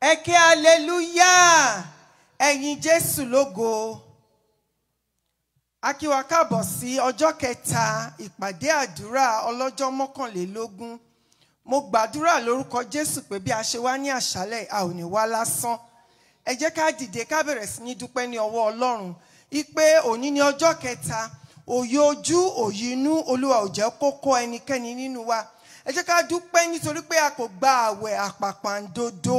ẹ ké aleluya ẹ̀yin jésù lógo a kí wa káàbọ̀ sí ọjọ́ kẹta ìpàdé àdúrà ọlọ́jọ́ mọ́kànlélógún mo gbàdúrà lórúkọ jésù pé bí a ṣe wá ní àṣálẹ́ a ò ní wá lásán ẹ jẹ́ ká dìde ká bẹ̀rẹ̀ sí ní dúpẹ́ ní ọwọ́ ọlọ́run ipe òní ní ọjọ́ kẹta òye ojú òye inú olúwa ò jẹ́ kókó ẹnikẹ́ni nínú wa ẹ jẹ́ ká dúpẹ́ nítorí pé a kò gba àwẹ̀ àpàpàǹdodo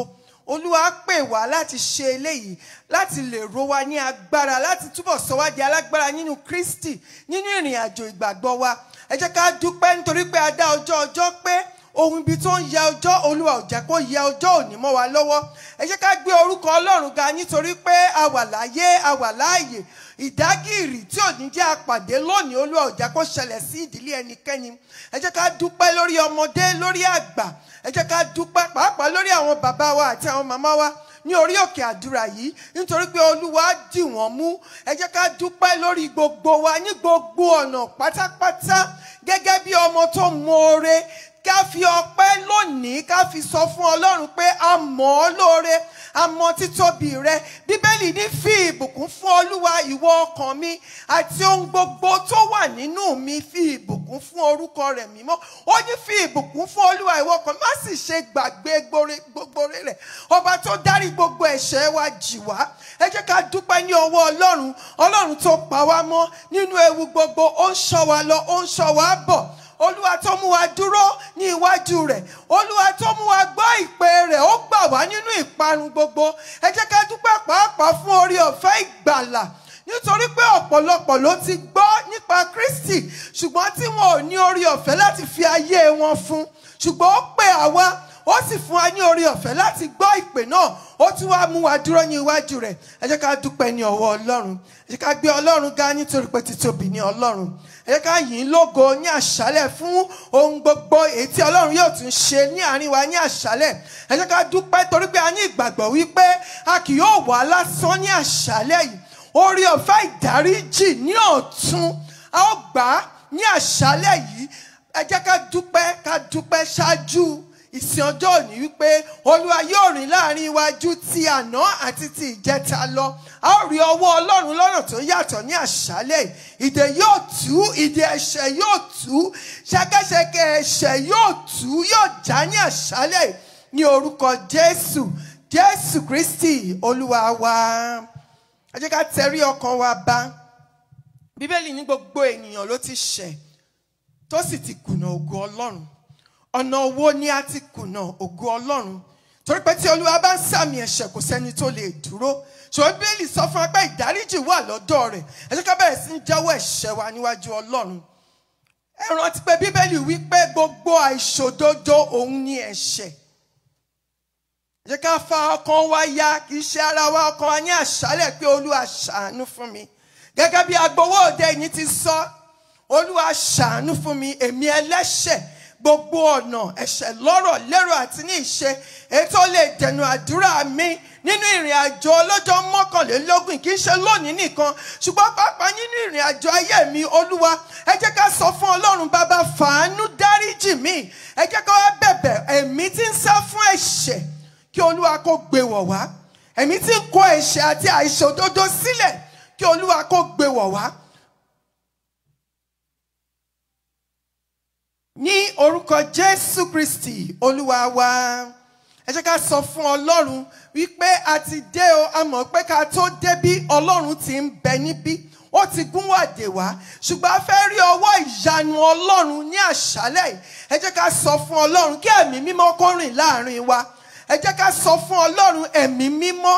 olúwa pè wá láti ṣe eléyìí láti lè ro wa ní agbára láti túbọ̀ sọ wá di alágbára nínú kristi nínú ìrìn àjò ìgbàgbọ́ wa ẹ jẹ́ ká dúpẹ́ nítorí pé a dá ọjọ́ ọjọ́ pé ohun ibi tó ń ya ọjọ́ olúwa ò jẹ́ kó ya ọjọ́ òní mọ́ wa lọ́wọ́ ẹ jẹ́ ká gbé orúkọ ọlọ́run ga nítorí pé a wà láyé a wà láàyè ìdágìrì tí ò ní jẹ́ àpàdé lónìí olúwa ò jẹ́ kó ṣẹlẹ̀ sí ìdílé ẹnikẹ́ni ẹ jẹ́ ká dúpẹ́ lórí ọmọdé lórí àgbà ẹ jẹ́ ká dúpẹ́ pàápàá lórí àwọn bàbá wa àti àwọn màmá wa ní orí òkè àdúrà yìí nítorí pé olúwa dì wọ́n mú ẹ jẹ́ ká dúpẹ́ lórí gbogbo wa ní gbogbo ọ̀nà pátápátá gẹ́gẹ́ bí ọmọ tó mọ oore ká fi ọpẹ́ lónìí ká fi sọ fún Ọlọ́run pé a mọ̀ ọ́ lóore a mọ̀ títóbi rẹ Bíbélì ní fi ìbùkún fún Olúwa ìwọ ọkàn mi àti ohun gbogbo tó wà nínú mi fi ìbùkún fún orúkọ rẹ̀ mímọ́ ó ní fi ìbùkún fún Olúwa ìwọ ọkàn má sì ṣe gbàgbé gbogbo rẹ̀ ọba tó dárí gbogbo ẹ̀ṣẹ̀ wa jì wá ẹ jẹ́ ká dúpẹ́ ní ọwọ́ Ọlọ́run Ọlọ́run tó pa wá mọ́ nínú ewu gbogbo ó ń ṣọ́ wa lọ ó ń ṣọ́ wa bọ̀ olúwa tó mú wa dúró ní iwájú rẹ̀ olúwa tó mú wa gbọ́ ìpè rẹ̀ ó gbà wá nínú ìparun gbogbo ẹ jẹ́ ká dúpẹ́ pàápàá fún orí ọ̀fẹ́ ìgbàlà nítorí pé ọ̀pọ̀lọpọ̀ ló ti gbọ́ nípa Kristi ṣùgbọ́n tí wọn ò ní orí ọ̀fẹ́ láti fi ayé wọn fún ṣùgbọ́n ó pè àwa ó sì fún wa ní orí ọ̀fẹ́ láti gbọ́ ìpè náà ó tún wá mú wa dúró ní iwájú rẹ̀ ẹ jẹ́ ká dúpẹ́ ní ọwọ́ ọlọ́run ẹ jẹ́ ká gbé ọlọ́run ga nítorí pé títóbi ní ọlọ́run ẹ jẹ́ ká yìn ín lógo ní àṣálẹ̀ fún ohun gbogbo èyí tí ọlọ́run yóò tún ṣe ní àárín wa ní àṣálẹ̀ ẹ jẹ́ ká dúpẹ́ torí pé a ní ìgbàgbọ́ wípé a kì yóò wá lásán ní àṣálẹ̀ yìí orí ọ̀fẹ́ ìdáríjì ní ọ̀tún a ó gbà á ní àṣálẹ̀ yìí ẹ jẹ́ ká dúpẹ́ ká dúpẹ́ ṣáájú ìsìn ọjọ́ òní wípé olúwa yóò rìn láàrin iwájú ti àná àti ti ìjẹta lọ a ó rí ọwọ́ ọlọ́run lọ́nà tó yàtọ̀ ní àṣálẹ̀ ìdè yóò tú ìdè ẹ̀ṣẹ̀ yóò tú ṣẹ̀kẹ̀ṣẹ̀kẹ̀ ẹ̀ṣẹ̀ yóò tú yóò já ní àṣálẹ̀ ní orúkọ jésù jésù kristi olúwa wa ẹ ká tẹrí ọkàn wa bá bíbélì ní gbogbo ènìyàn ló ti ṣẹ̀ tó sì ti kùnà ògo ọlọ́run ọ̀nà wo ni a ti kùnà ògo ọlọ́run torí pé tí olúwa bá ń sàmì ẹ̀ṣẹ̀ kò sẹ́ni tó lè dúró ṣùgbọ́n bíbélì sọ fún apá ìdáríjì wà lọ́dọ̀ rẹ̀ ẹ jẹ́ ká bẹ̀rẹ̀ sí ń jẹ́wọ́ ẹ̀ṣẹ̀ wa níwájú ọlọ́run ẹ rántí pé bíbélì wí pé gbogbo àìṣòdodo òun ni ẹ̀ṣẹ̀ ẹ jẹ́ ká fa ọkàn wa ya kì í ṣe ara wa ọkàn wa ní àṣálẹ̀ pé olúwa ṣàánú fún mi gẹ́gẹ́ bí agbowó yìí ti sọ olúwa ṣàánú fún mi èmi ẹlẹ́ṣẹ̀ gbogbo ọ̀nà ẹ̀ṣẹ̀ lọ́rọ̀ lérò àti ní ìṣe èyí tó lè dẹnu àdúrà mi nínú ìrìn àjò ọlọ́jọ́ mọ́kànlélógún kì í ṣe lónìí nìkan ṣùgbọ́n pàápàá nínú ìrìn àjò ayé mi olúwa ẹ jẹ́ ká sọ fún ọlọ́run bàbá fàánú dáríjì mi ẹ jẹ́ ká wá bẹ̀bẹ̀ ẹ̀mí tí ń sá fún ẹ̀ṣẹ̀ kí olúwa kó gbé wọ̀ wá ẹ̀mí tí ń kó ẹ̀ṣẹ̀ àti àìṣòdodo sílẹ̀ kí olúwa kó gbé wọ̀ wá ní orúkọ jésù kristi olúwa wa ẹ jẹ́ ká sọ fún ọlọ́run wípé a ti dé o a mọ̀ pé ká tó débí ọlọ́run ti ń bẹ níbí ó ti gún wàdè wá ṣùgbọ́n a fẹ́ rí ọwọ́ ìyanu ọlọ́run ní àṣálẹ̀ ẹ jẹ́ ká sọ fún ọlọ́run kí ẹ̀mí mímọ́ kó rìn láàrin wa ẹ jẹ́ ká sọ fún ọlọ́run ẹ̀mí mímọ́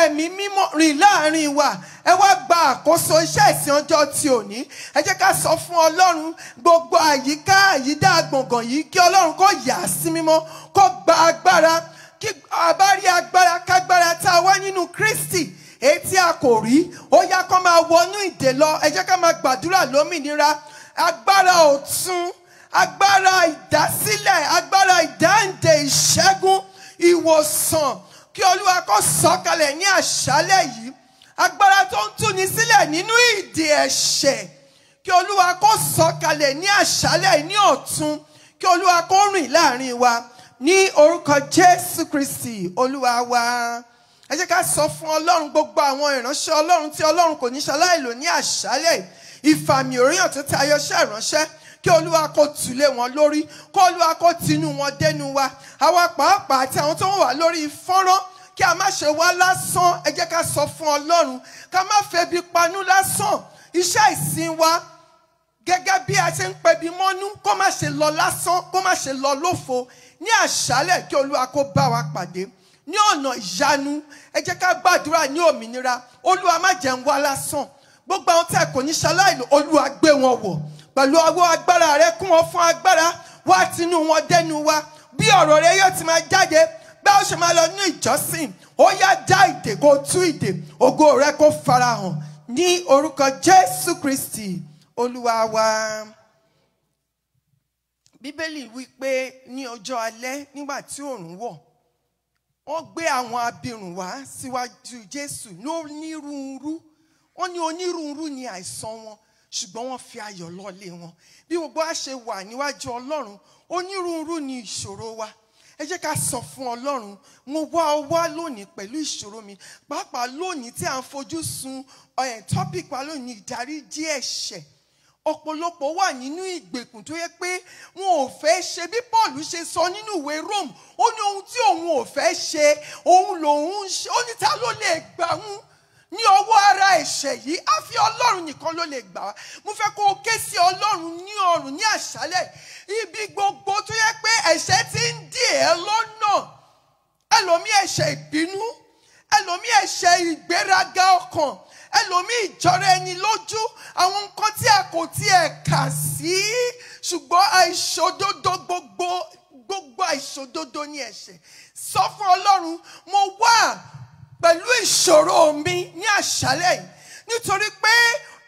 ẹ̀mí mímọ́ rìn láàrin wa ẹ wá gba àkóso iṣẹ́ ìsìn ọjọ́ ti òní ẹ jẹ́ ká sọ fún ọlọ́run gbogbo àyíká àyídá gbọ̀ngàn yìí kí ọlọ́run kó yà á sí mímọ́ kó gba agbára kí a bá rí agbára kágbára tá a wá nínú Kristi èyí tí a kò rí ó yá kó máa wọnú ìdè lọ ẹ jẹ́ ká máa gbàdúrà lómìnira agbára ọ̀tun agbára ìdásílẹ̀ agbára ìdáǹdè ìṣẹ́gun ìwòsàn kí olúwa kó sọ̀kalẹ̀ ní àṣálẹ̀ yìí agbára tó ń túni sílẹ̀ nínú ìdè ẹ̀ṣẹ̀ kí olúwa kó sọ̀kalẹ̀ ní àṣálẹ̀ ní ọ̀tun kí olúwa kó rìn láàrin wa ní orúkọ jésù kristi olúwa wa ẹ jẹ́ ká sọ fún ọlọ́run gbogbo àwọn ìránṣẹ́ ọlọ́run tí ọlọ́run kò ní ṣaláìlò ní àṣálẹ̀ ìfàmì òríyàn tó tayọ ṣẹ́ ìránṣẹ́ kí olúwa kó tùlé wọn lórí kó olúwa kó tinú wọn dénú wa àwa pàápàá àti àwọn tó ń wà lórí fọ́nrán kí a má ṣe wá lásán ẹ jẹ́ ká sọ fún ọlọ́run ká má febi panú lásán iṣẹ́ ìsìn wa gẹ́gẹ́ bí a ṣe ń pẹbi mọ́nú kó má ṣe lọ lásán kó má ṣe lọ lófo ní àṣálẹ̀ kí olúwa kó bá wa pàdé ní ọ̀nà ìyanu ẹ jẹ́ ká gbàdúrà ní òmìnira olúwa má jẹ́ wá lásán gbogbo àwọn tí a kò ní ṣaláìlú olúwa gbé wọn wọ̀ pẹ̀lú ọwọ́ agbára rẹ kún wọn fún agbára wá tinú wọn dẹnu wa bí ọ̀rọ̀ rẹ yóò ti máa jáde bá ó ṣe máa lọ ní ìjọsìn ó yá já ìdè kó tú ìdè ògo rẹ kó farahàn ní orúkọ Jésù Kristi olúwa wa bíbélì wí pé ní ọjọ́ alẹ́ nígbà tí òòrùn wọ̀ wọ́n gbé àwọn abirùn wá síwájú Jésù lónírúurú wọ́n ní onírúurú ni àìsàn wọn ṣùgbọ́n wọ́n fi ayọ̀ lọ́lé wọn bí gbogbo a ṣe wà níwájú ọlọ́run onírúurú ni ìṣòro wa ẹ jẹ́ ká sọ fún ọlọ́run mo wá ọ wá lónìí pẹ̀lú ìṣòro mi pàápàá lónìí tí à ń fojú sun topic wa lónìí ìdáríjì ẹ̀ṣẹ̀ ọ̀pọ̀lọpọ̀ wà nínú ìgbèkùn tó yẹ pé wọn ò fẹ́ ṣe bí Paul ṣe sọ nínú ìwé Rome ó ní ohun tí òun ò fẹ́ ṣe òun lòun ń ṣe ó ní ta ló lè gbà ń ní ọwọ́ ara ẹ̀ṣẹ̀ yìí a fi ọlọ́run nìkan ló lè gbà á mo fẹ́ kó o ké sí ọlọ́run ní ọrùn ní àṣálẹ̀ ibi gbogbo tó yẹ pé ẹ̀ṣẹ̀ ti ń dì ẹ́ lọ́nà ẹlòmí ẹ̀ṣẹ̀ ìbínú ẹlòmí ẹ̀ṣẹ̀ ìgbéraga ọkàn ẹlòmí ìjọra ẹni lójú àwọn nǹkan tí a kò tiẹ̀ kà sí ṣùgbọ́n àìṣòdodo gbogbo gbogbo àìṣòdodo ni ẹ̀ṣẹ̀ sọ fún ọlọ́run mo wà pẹ̀lú ìṣòro mi ní àṣálẹ̀ yìí nítorí pé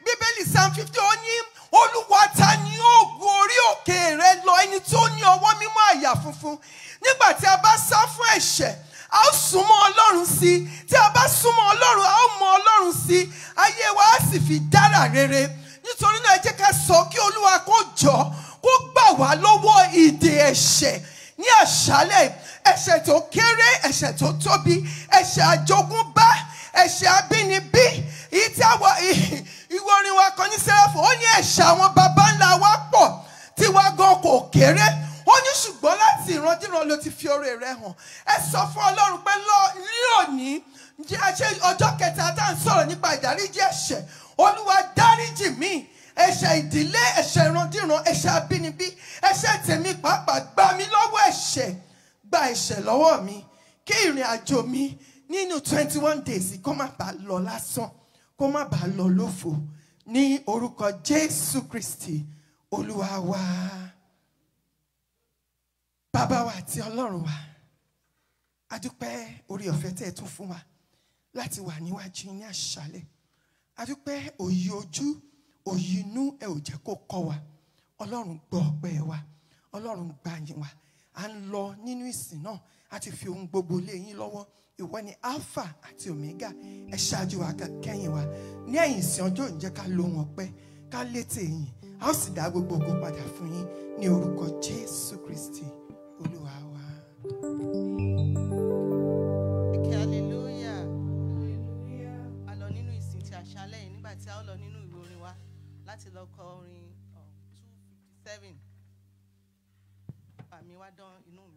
bíbélì psalm fifty ó ní olúwa ta ni òògùn orí òkè rẹ lọ ẹni tó ní ọwọ́ mímọ́ àyà funfun nígbà tí a bá sá fún ẹ̀ṣẹ̀ a ó súnmọ́ ọlọ́run sí i tí a bá súnmọ́ ọlọ́run a ó mọ ọlọ́run sí i ayé wa á sì fi dára rere nítorí náà ẹ jẹ́ ká sọ kí olúwa kó jọ kó gbà wá lọ́wọ́ ìdè ẹ̀ṣẹ̀ ní àṣálẹ̀ ẹ̀ṣẹ̀ tó kéré ẹ̀ṣẹ̀ tó tóbi ẹ̀ṣẹ̀ àjogúnbá ẹ̀ṣẹ̀ abínibí èyí tí àwọ ìwé orin wa kan ní sẹ́ráfù ó ní ẹ̀ṣẹ̀ àwọn baba ńlá wa pọ̀ tiwa gan kò kéré ó ní ṣùgbọ́n láti ìrandíran ló ti fi oore rẹ hàn ẹ sọ fún ọlọ́run pé lónìí ọjọ́ kẹta tá à ń sọ̀rọ̀ nípa ìdáríjì ẹ̀ṣẹ̀ olúwa dáríjì míì ẹ̀ṣẹ̀ ìdílé ẹ̀ṣẹ̀ ìrandíran ẹ̀ṣẹ̀ abínibí ẹ̀ṣẹ̀ tèmi pàápàá gbà mí lọ́wọ́ ẹ̀ṣẹ̀ gba ẹ̀ṣẹ̀ lọ́wọ́ mi kí ìrìn àjò mi nínú twenty one days kó má bàa lọ lásán kó má bàa lọ lófo ní orúkọ Jésù Kristi Olúwa wa bàbá wa àti Ọlọ́run wa a dúpẹ́ orí ọ̀fẹ́ tẹ́ ẹ tún fún wa láti wà níwájú ní àṣálẹ́ a òye ojú òyì inú ẹ ò jẹ́ kó kọ́ wa ọlọ́run gbọ́ ọpẹ́ wa ọlọ́run gbà yín wa à ń lọ nínú ìsìn náà a ti fi ohun gbogbo lé yín lọ́wọ́ ìwọ ni alpha àti omega ẹ ṣáájú wa kẹ́yìn wa ní ẹ̀yìn ìsìn ọjọ́ ìjẹ́ ká lóhun ọpẹ́ ká létè yín a ó sì dá gbogbo ògo padà fún yín ní orúkọ jésù kristi olúwa wa. thank you Adão não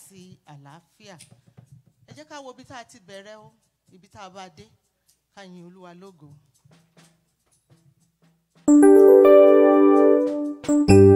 àti àlàáfíà ẹ jẹ́ ká wo ibi tá a ti bẹ̀rẹ̀ o ibi tá a bá dé ká yin olúwa lógo. thank you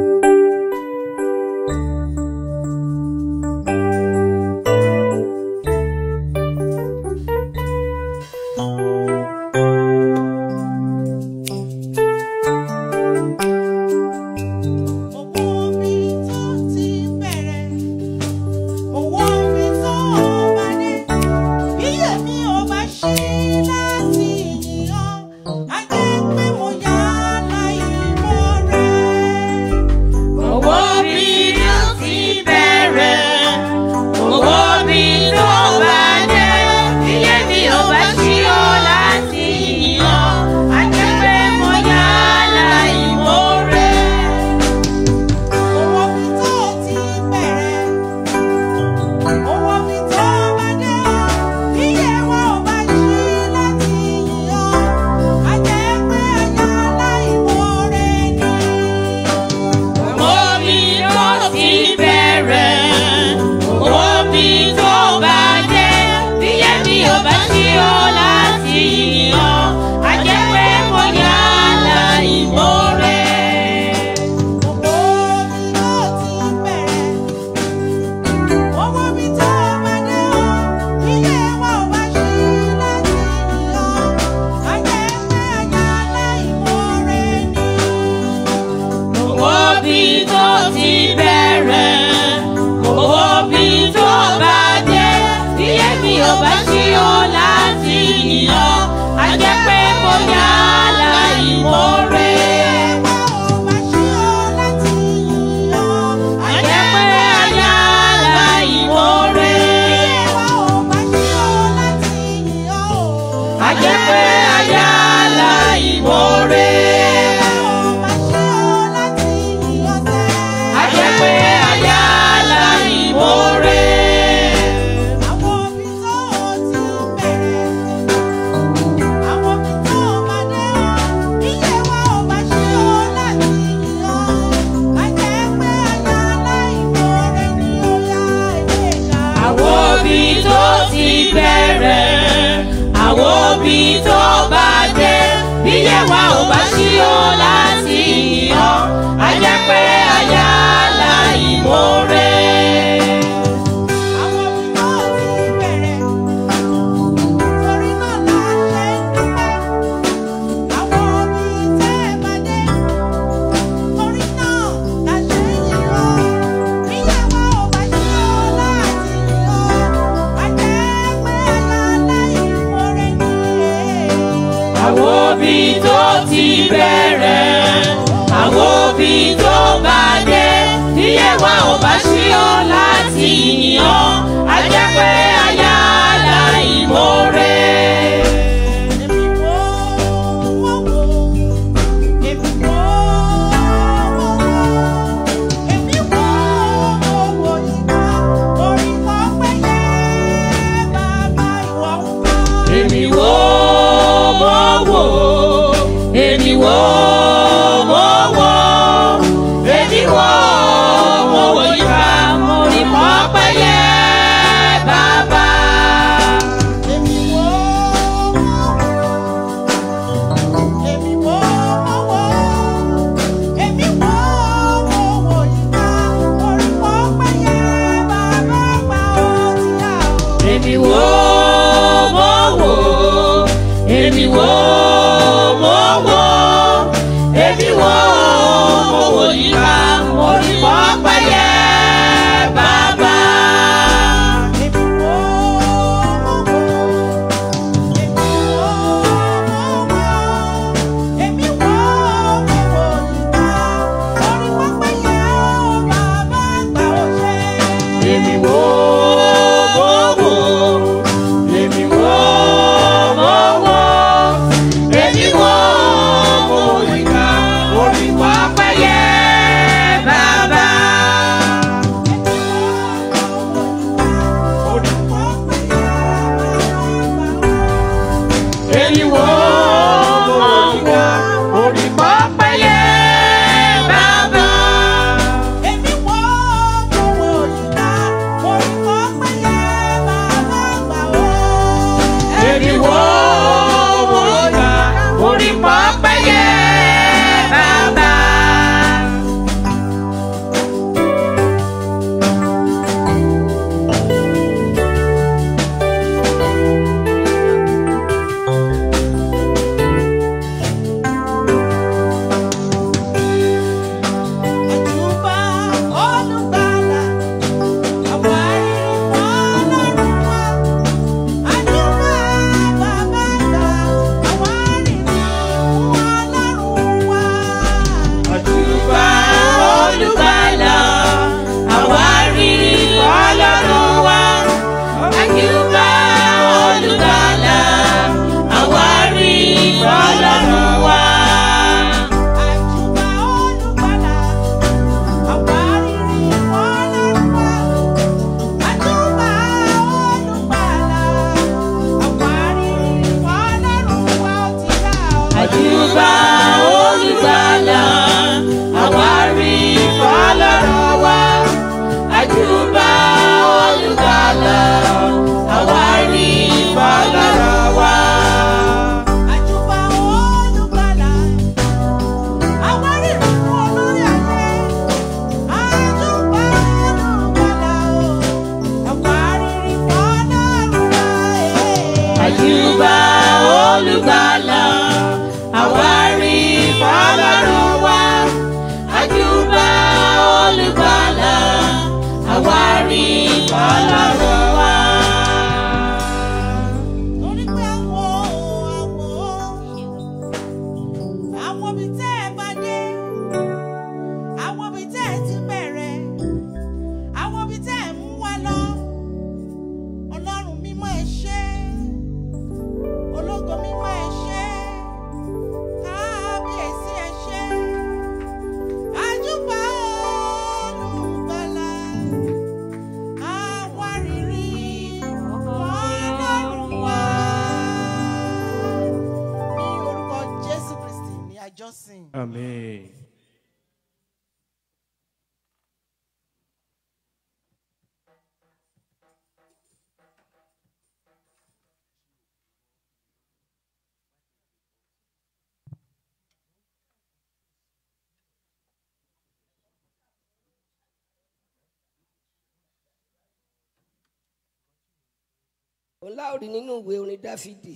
òun láòrí nínú ìwé orin dáfídì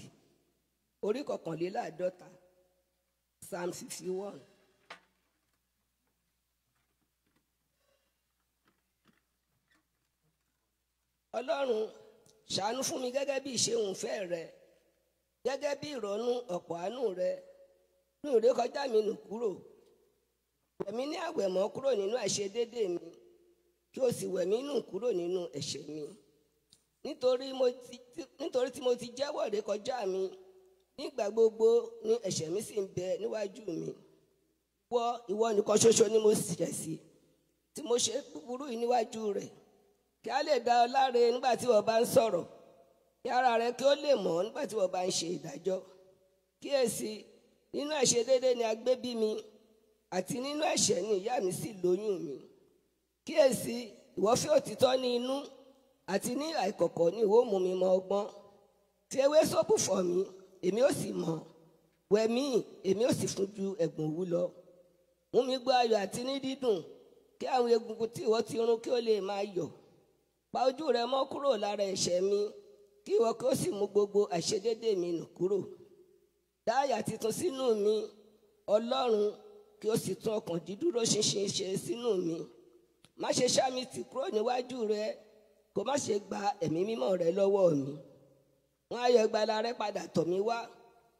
orí kọkànléláàádọ́ta psalm sixty one. ọlọ́run ṣàánú fún mi gẹ́gẹ́ bí ìṣeun fẹ́ rẹ gẹ́gẹ́ bí ìrọ̀nù ọ̀pọ̀ àánú rẹ nù mi nù kúrò wẹ̀mí ní àwẹ̀mọ́ kúrò nínú mi kí o sì wẹ̀mí nù kúrò nínú ẹ̀ṣẹ̀ mi. nítorí mo ti nítorí tí mo ti jẹ́wọ́ ìrékọjá mi nígbà gbogbo ni ẹ̀ṣẹ̀ mi sì ń bẹ níwájú mi wọ ìwọ nìkan ṣoṣo ni mo ṣẹ̀ sí tí mo ṣe búburú yìí níwájú rẹ̀ kí a lè dá ọ láre nígbà tí wọ́n bá ń sọ̀rọ̀ kí ara rẹ kí ó lè mọ́ nígbà tí wọ́n bá ń ṣe ìdájọ́ kíyèsí nínú ẹ̀ṣẹ̀ déédéé ni a gbé bí mi àti nínú ẹ̀ṣẹ̀ ni ìyá mi sì lóyún mi kíyèsí ìwọ òtítọ́ ní inú àti ní ìhà ìkọ̀kọ̀ ni ìwọ mú mi mọ ọgbọ́n ti ewé sóbù fọ̀ mí èmi ò sì mọ̀ wẹ̀ mí èmi ò sì fún ju ẹ̀gbọ̀n òwú lọ mú mi gbọ́ ayọ̀ àti ní dídùn kí àwọn egungun tí ìwọ ti rún kí ó lè máa yọ̀ pa ojú rẹ mọ́ kúrò lára ẹ̀ṣẹ̀ mi kí ìwọ kí ó sì mú gbogbo àìṣedéédé mi nù kúrò dá àyà tuntun sínú mi ọlọ́run kí ó sì tún ọkàn dídúró ṣinṣin ṣe sínú mi má ṣe ṣá mi tì kúrò níwájú rẹ kó má ṣe gba ẹ̀mí mímọ́ rẹ lọ́wọ́ mi wọn á yọ ìgbàlà rẹ padà tọ̀ mí wá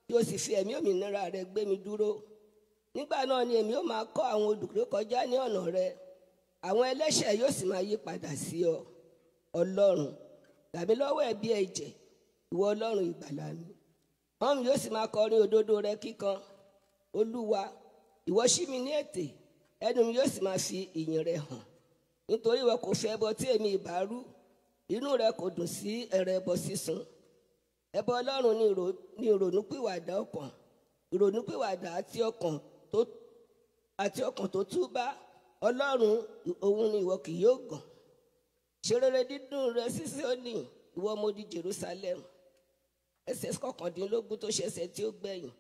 tí ó sì fi ẹ̀mí òmìnira rẹ gbé mi dúró nígbà náà ni èmi ó máa kọ́ àwọn olùrékọjá ní ọ̀nà rẹ àwọn ẹlẹ́ṣẹ̀ yóò sì máa yí padà sí ọ ọlọ́run gbà lọ́wọ́ ẹ̀bi ẹ̀jẹ̀ ìwọ ọlọ́run ìgbàlà mi wọn yóò sì máa kọrin òdodo rẹ kíkan olúwa ìwọ ṣí mi ní ètè ẹnu mi yóò sì máa fi ìyìn rẹ hàn nítorí ìwọ kò fẹ́ bọ tí èmi ìbá rú inú rẹ kò dùn sí ẹ̀rẹ̀ ẹbọ sísun ẹbọ ọlọ́run ni ìrònúpìwàdà ọkàn ìrònúpìwàdà àti ọkàn tó àti ọkàn tó túbá ọlọ́run òun ni ìwọ kì yóò gàn ṣe rere dídùn rẹ Sísónì ìwọ ọmọ odi Jerusalem ẹsẹ̀ kọkàndínlógún tó ṣẹ̀ṣẹ̀ tí ó gbẹ̀yìn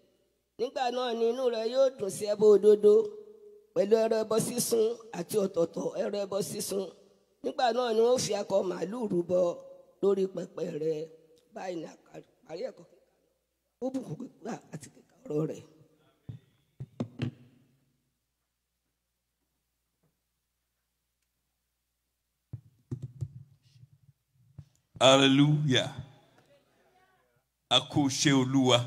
nígbà náà ni inú rẹ yóò dùn sí ẹbọ òdodo pẹ̀lú ẹrọ ẹbọ sísun àti ọ̀tọ̀ọ̀tọ̀ ẹrọ ẹbọ sísun nígbà náà ni wọ́n fi akọ màálù rúbọ lórí pẹpẹ rẹ báyìí ní àparí ẹ̀kọ́ ó bùkún kíkà àti kíkà ọ̀rọ̀ rẹ̀. hallelujah a kú ṣe olúwa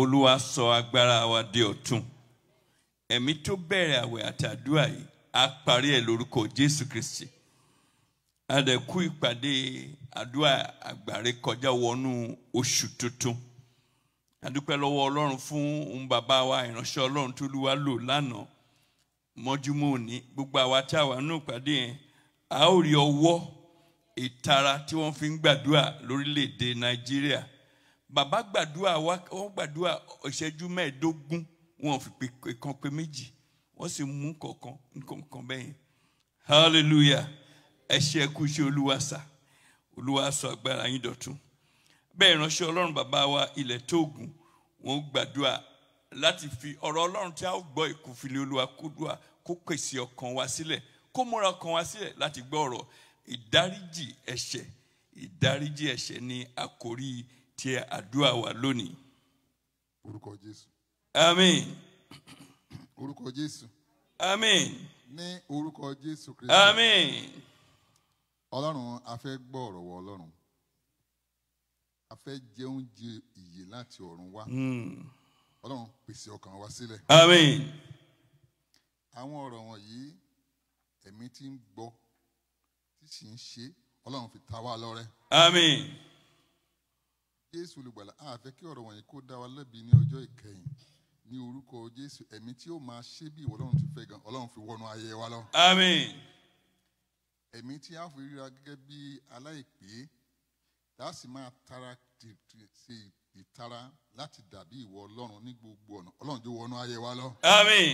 olúwa sọ agbára wa di ọ̀tun ẹ̀mí tó bẹ̀rẹ̀ àwẹ̀ àtàdúrà yìí a parí ẹ̀ lórúkọ Jésù Kristi a dẹ̀ kú ìpàdé àdúrà àgbàre kọjá wọnú oṣù tuntun a dúpẹ́ lọ́wọ́ Ọlọ́run fún òun bàbá wa ìránṣẹ́ Ọlọ́run tó lúwa lò lánàá mọ́júmọ́ òní gbogbo àwa tí a wà nínú ìpàdé yẹn a ó rí ọwọ́ ìtara tí wọ́n fi ń gbàdúrà lórílẹ̀‐èdè Nàìjíríà bàbá gbàdúrà wọ́n gbàdúrà ìṣẹ́jú mẹ́ẹ̀ẹ́dógún wọn fi pè kankan méjì wọ́n sì mú kọ̀ọ̀kan nǹkan bẹ́yìn hallelujah ẹ ṣe ẹ kú iṣẹ́ olúwa sà olúwa sọ agbára yín dọ̀tun bẹ́ẹ̀ ìránṣẹ́ ọlọ́run bàbá wa ilẹ̀ tóògùn wọ́n gbàdúrà láti fi ọ̀rọ̀ ọlọ́run tí a gbọ́ ìkúfilé olúwa kúdùà kó pèsè ọkàn wa sílẹ̀ kó múra ọkàn wa sílẹ̀ láti gbọ́ ọ̀rọ̀ ìdáríjì ẹ̀ṣẹ̀ ìdáríjì ẹ̀ṣẹ̀ ni àkòrí ti àdúrà wa lónìí. orúkọ jésù. àmín orúkọ Jésù. Àmín. Ní orúkọ Jésù Kristi. Àmín. Ọlọ́run a fẹ́ gbọ́ ọ̀rọ̀ wọ Ọlọ́run. A fẹ́ jẹ oúnjẹ ìyè láti ọ̀run wá. Hmm. Ọlọ́run pèsè ọkàn wa sílẹ̀. Àmín. Àwọn ọ̀rọ̀ wọ̀nyí ẹ̀mí tí ń gbọ́ tí sì ń ṣe Ọlọ́run fi ta wá lọ́rẹ. Àmín. Jésù olùgbàlà a fẹ́ kí ọ̀rọ̀ wọ̀nyí kó dá wa lẹ́bi ní ọjọ́ ìkẹyìn ní orúkọ Jésù ẹ̀mí tí ó máa ṣe bí ìwọ Ọlọ́run ti fẹ́ gan Ọlọ́run fi wọnú ayé wa lọ. Àmín. ẹ̀mí tí a fi ríra gẹ́gẹ́ bí aláìpé tá a sì máa tara ṣe ìtara láti dàbí ìwọ Ọlọ́run ní gbogbo ọ̀nà Ọlọ́run jó wọnú ayé wa lọ. Àmín.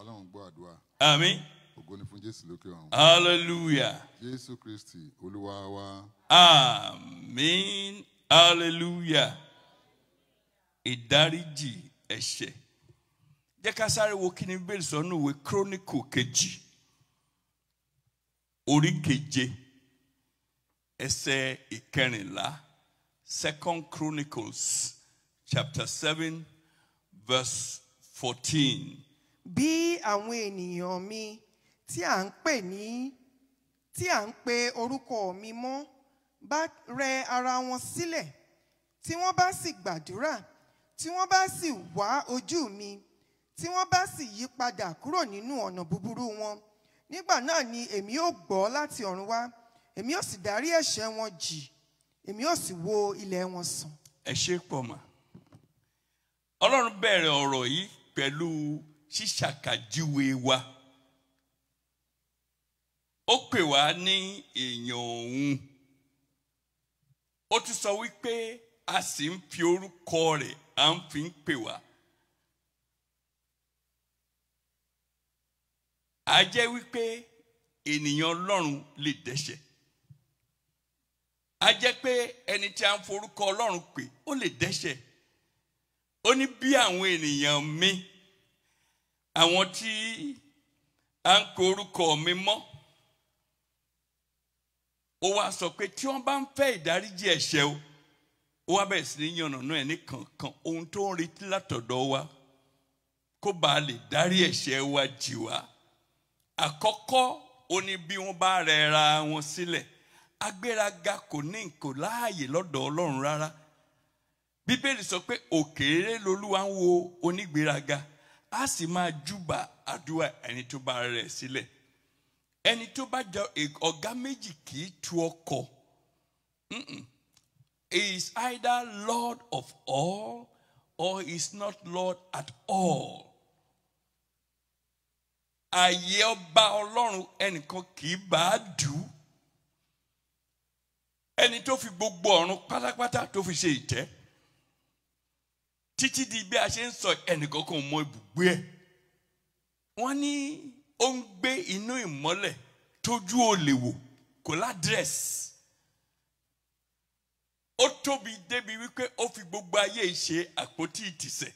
Ọlọ́run gbọ́ àdúrà. Àmín. Ògo ni fún Jésù lókè ọ̀run. Hallelujah. Jésù Kristi Olúwa wa. Àmín. Hallelujah. Ìdáríjì ẹ̀ṣẹ̀ jẹ́ ká sáré wo kí ni bíbélì sọ nínú ìwé kírónìkò kejì orí keje ẹsẹ̀ ìkẹrìnlá second chronicles chapter seven verse fourteen. bí àwọn ènìyàn mi tí à ń pè ní tí à ń pe orúkọ mi mọ́ bá rẹ ara wọn sílẹ̀ tí wọ́n bá sì gbàdúrà tí wọ́n bá sì wá ojú mi tí wọ́n bá sì yí padà kúrò nínú ọ̀nà búburú wọn nígbà náà ni èmi ó gbọ́ láti ọ̀run wá èmi ó sì dárí ẹ̀ṣẹ̀ wọn jì èmi ó sì wo ilẹ̀ wọn sàn. ẹ ṣe pọ̀ mà ọlọ́run bẹ̀rẹ̀ ọ̀rọ̀ yìí pẹ̀lú ṣíṣàkàjúwe wa ó pè wá ní èèyàn òun ó tún sọ wípé a sì ń fi orúkọ rẹ̀ à ń fi ń pè wá. a jẹ́ wípé ènìyàn ọlọ́run lè dẹ́ṣẹ̀ a jẹ́ pé ẹni tí a ń forúkọ ọlọ́run pè ó lè dẹ́ṣẹ̀ ó ní bí àwọn ènìyàn mi àwọn tí a ń kọ orúkọ mi mọ́ ó wá sọ pé tí wọ́n bá ń fẹ́ ìdáríjì ẹ̀ṣẹ̀ o ó wá bẹ̀rẹ̀ sí ní yànnàná ẹ̀ ní kankan ohun tó ń retí látọ̀dọ̀ wa kó bàa lè dárí ẹ̀ṣẹ̀ wa jì wá àkọ́kọ́ ó ní bí wọ́n bá rẹra wọn sílẹ̀ agbéraga kò ní nǹkan láàyè lọ́dọ̀ ọlọ́run rárá bíbélì sọ pé òkèèrè lolúwa ń wo onígbéraga a sì máa júbà àdúrà ẹni tó bá rẹ̀ sílẹ̀ ẹni tó bá jẹ ọ̀gá méjì kì í tu ọkọ̀ he is either lord of all or he is not lord at all ààyè ọba ọlọ́run ẹnìkan kì í bá a dù ú ẹni tó fi gbogbo ọ̀run pátápátá tó fi ṣe ìtẹ́ títí di bí a ṣe ń sọ ẹnìkan kò mọ ibùgbé ẹ̀ wọ́n ní ó ń gbé inú ìmọ́lẹ̀ tójú ò wò kò ládírẹ́sì ó tóbi débi wípé ó fi gbogbo ayé ṣe àpótí ìtìsẹ̀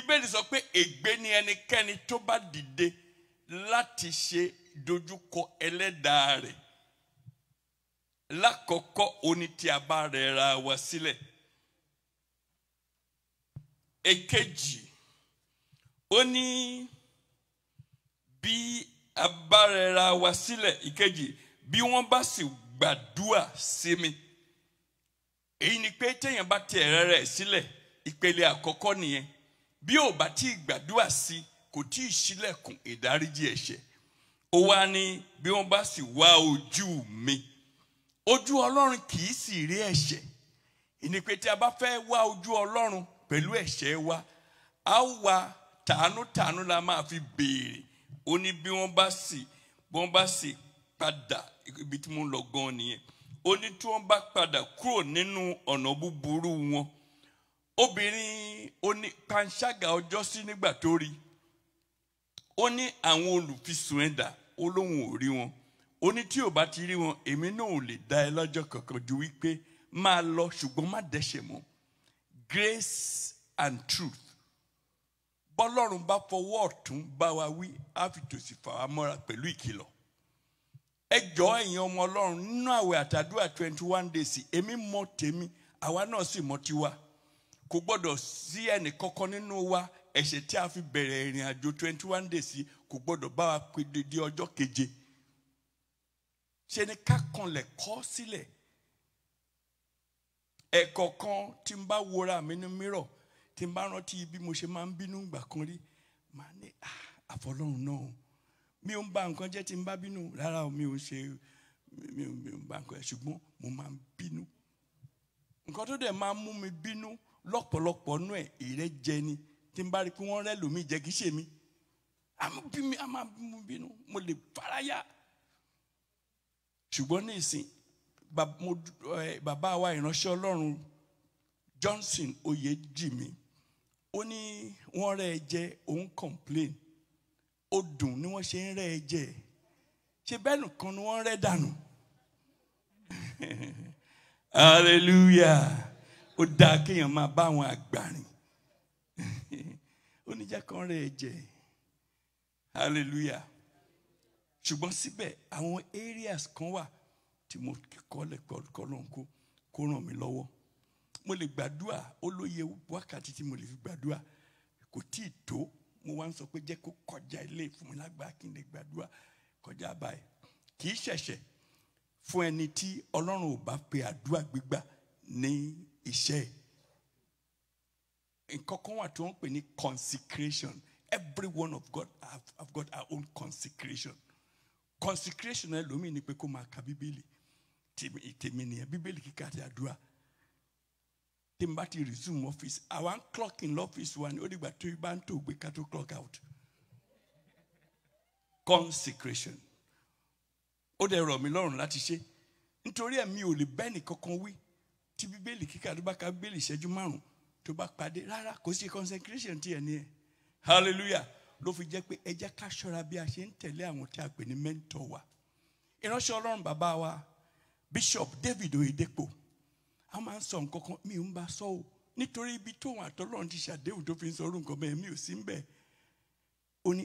bíbélì sọ pé ègbé ni ẹnikẹ́ni tó bá dìde láti ṣe dojúkọ ẹlẹ́dàá rẹ̀ lákọ̀ọ́kọ́ oní tí a bá rẹ̀ ra wa sílẹ̀ èkejì ó ní bí a bá rẹ̀ ra wa sílẹ̀ ìkejì bí wọ́n bá sì gbàdúà sí mi èyí ni pé téèyàn bá tiẹ̀ rẹ̀ rẹ̀ sílẹ̀ ìpele àkọ́kọ́ nìyẹn bí ò bá tí ì gbàdúrà sí kò tí ì ṣílẹ̀kùn ìdáríjì ẹ̀ṣẹ̀ ó wá ní bí wọ́n bá sì wá ojú mi ojú ọlọ́run kì í sì rí ẹ̀ṣẹ̀ ìní pé tí a bá fẹ́ wá ojú ọlọ́run pẹ̀lú ẹ̀ṣẹ̀ wa á wá tàánútàánú la máa fi béèrè ó ní bí wọ́n bá sì bí wọ́n bá sì padà ibi tí mo lọ gan nìyẹn ó ní tí wọ́n bá padà kúrò nínú ọ̀nà búburú wọn obìnrin oní panṣágà ọjọ́ sí nígbà tó rí ó ní àwọn olùfisùn ẹ̀dà olóhùn ò rí wọn ó tí ò bá ti rí wọn èmi náà ò lè dá ẹ lọ́jọ́ kankan ju wípé máa lọ ṣùgbọ́n má dẹ́ṣẹ̀ mọ́ grace and truth bọ́lọ́run bá fọwọ́ ọ̀tún bá wa wí á fi tòsì fà wá mọ́ra pẹ̀lú ìkìlọ̀ ẹ jọ̀ọ́ ọmọ ọlọ́run nínú àwẹ̀ àtàdúrà twenty one days èmi mọ tèmi àwa náà sì mọ tiwa kò gbọ́dọ̀ sí ẹnì kankan nínú wa ẹ̀ṣẹ̀ tí a fi bẹ̀rẹ̀ ìrìn àjò twenty one days yìí kò gbọ́dọ̀ bá wa pé di ọjọ́ keje ṣe ni ká kanlẹ̀ kọ̀ sílẹ̀ ẹ̀kọ̀ọ̀kan tí n bá wora mi ní mírọ̀ tí n bá rántí bí mo ṣe máa ń bínú ìgbà kan rí màá ní àfọlọ́run náà mi ò ń ba nǹkan jẹ́ tí n bá bínú rárá mi ò ń ṣe mi ò ń ba nǹkan ṣùgbọ́n mo máa ń bínú nǹkan tó dẹ̀ máa ń mú mi bínú lọ́pọ̀lọpọ̀ nú ẹ̀ ìrẹ jẹ ni tí n bá rí i pé wọ́n rẹ́ lòmí jẹ kí ṣe mi àmú bí mi àmà mú bínú mo lè faraya ṣùgbọ́n ní ìsìn bàbá wa ìránṣẹ́ ọlọ́run Johnson Oyèjìmí ó ní wọ́n rẹ́ ẹ jẹ òun complain ó dùn ni wọ́n ṣe ń rẹ́ ẹ jẹ ṣe bẹ́ẹ̀ nìkan ni wọ́n rẹ́ dànù hallelujah ó dáa kéèyàn máa bá àwọn àgbà rìn oníjà kan rẹ̀ jẹ́ hallelujah ṣùgbọ́n síbẹ̀ àwọn areas kan wà tí mo kọ́ lẹ́kọ̀ọ́ lọ́n kó kó ràn mí lọ́wọ́ mo lè gbàdúrà ó lóye wákàtí tí mo lè fi gbàdúrà kò tí ì tó mo wá ń sọ pé jẹ́ kó kọjá ilé fún mi lágbàá kí n lè gbàdúrà kọjá báyìí kì í ṣẹ̀ṣẹ̀ fún ẹni tí ọlọ́run ò bá pe àdúrà gbígbà ní iṣẹ́ nǹkan kan wà tí wọ́n ń pè ní consecration every one of God have, have got our own consecration consecration ẹ lómi ni pé kó máa ka bíbélì tèmi nìyẹn bíbélì kíkà àti àdúrà tèmi bá ti resume office i ń clock in office wa ni ó dìgbà tó bá ń tó gbé ká tó clock out consecration ó dẹ̀ rọ̀ mí lọ́rùn láti ṣe nítorí ẹ̀ mi ò lè bẹ́ẹ̀ nìkankan wi tí bíbélì kíkà tó bá ka bíbélì ìṣẹ́jú márùn tó bá pàdé rárá kò sí consecration tiẹ̀ ní ẹ̀ hallelujah ló fi jẹ́ pé ẹ jẹ́ ká ṣọ́ra bí a ṣe ń tẹ̀lé àwọn tí a pè ní mentor wa ìránṣẹ́ ọlọ́run bàbá wa bishop david oyedepo a máa ń sọ nǹkan kan mi ò ń bá sọ o nítorí ibi tóun àtọ́lọ́run ti ṣàdéhùn tó fi ń sọ orú nǹkan bẹ́ẹ̀ mi ò sí ń bẹ̀ ó ní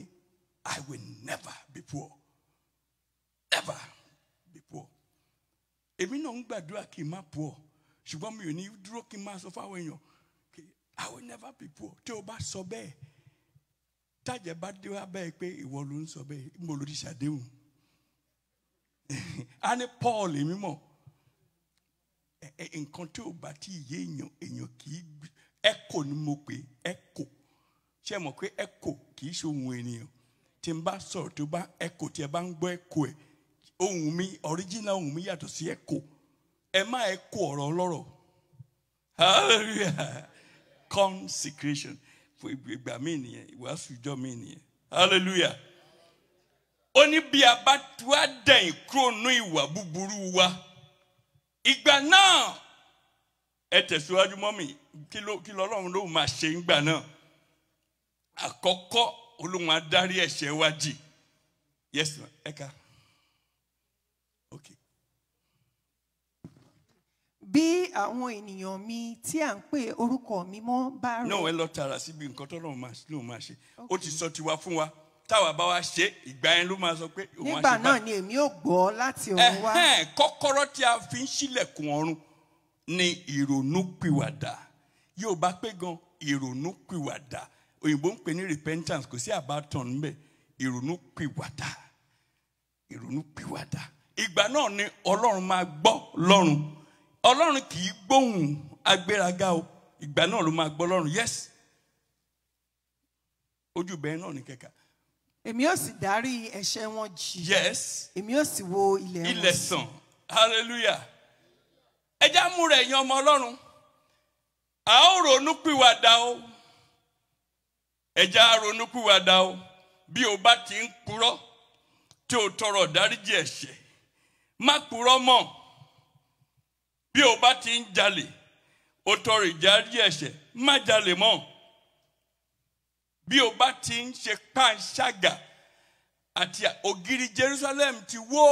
i will never be poor ever be poor èmi náà ń gbàdúrà kí n má poor ṣùgbọ́n mi ò ní dúró kí n máa sọ fáwọn èèyàn I will never be poor tí o bá sọ bẹ́ẹ̀ tájẹ̀ bá dé wá bẹ́ẹ̀ pé ìwọ ló ń sọ bẹ́ẹ̀ mo lòdì ṣàdéhùn a ní Paul èmi mọ̀ nǹkan tí ò bá tí ìyé èèyàn èèyàn kì í echo ni mo pè echo ṣé mọ̀ pé echo kì í ṣe ohun ènìyàn tí n bá sọ̀rọ̀ tó bá echo tí ẹ bá ń gbọ́ echo ẹ̀ ohun mi original ohun mi yàtọ̀ sí echo ẹ má ẹ kó ọ̀rọ̀ ọlọ́rọ̀ hallelujah consecration fún ìgbà míì nìyẹn ìwàásù ìjọ míì nìyẹn hallelujah ó ní bí a bá tú á dẹ̀yìn kúrò ní ìwà búburú wa ìgbà náà ẹ tẹ̀síwájú mọ́mì kí lọ́lọ́run ló máa ṣe ńgbà náà àkọ́kọ́ olóhùn adarí ẹ̀ṣẹ̀ wa jì yes ma ẹ̀ka. E bí àwọn ènìyàn mi tí à ń pè orúkọ mi mọ́ bá rẹ̀. náà ẹ lọ tààrà síbi nǹkan tó náà máa ṣe ó ti sọ tiwa fún wa táwa bá wa ṣe ìgbà yẹn ló máa sọ pé nígbà náà ni èmi ò gbọ́ láti ọ̀run wá. kọ́kọ́rọ́ tí a fi ń ṣílẹ̀kùn ọ̀run ni ìrònúpìwàdà yóò bá pé gan ìrònúpìwàdà òyìnbó ń pè ní repentance kò sí àbátan níbẹ̀ ìrònúpìwàdà ìrònúpìwàdà ìgbà náà ni ọlọ́run máa gbọ́ lọ́run ọlọ́run kì í gbóhùn agbéraga o ìgbà náà ló máa gbọ́ ọlọ́run yes ojú bẹ́ẹ̀ náà ní kẹ̀kẹ́ èmi ó sì dárí ẹ̀ṣẹ̀ wọn jì yes èmi ó sì wo ilẹ̀ wọn ilẹ̀ sàn hallelujah ẹ já múra ẹ̀yin ọmọ ọlọ́run a ó ronúpìwàdà o ẹ já ronúpìwàdà o bí o bá ti ń purọ́ tí o tọrọ dáríjì ẹ̀ṣẹ̀ má purọ́ mọ́ bí o bá ti ń jalè o tọrọ ìjárí ẹ̀ṣẹ̀ má jalè mọ́ bí o bá ti ń ṣe panṣágà àti ògiri Jerusalem ti wó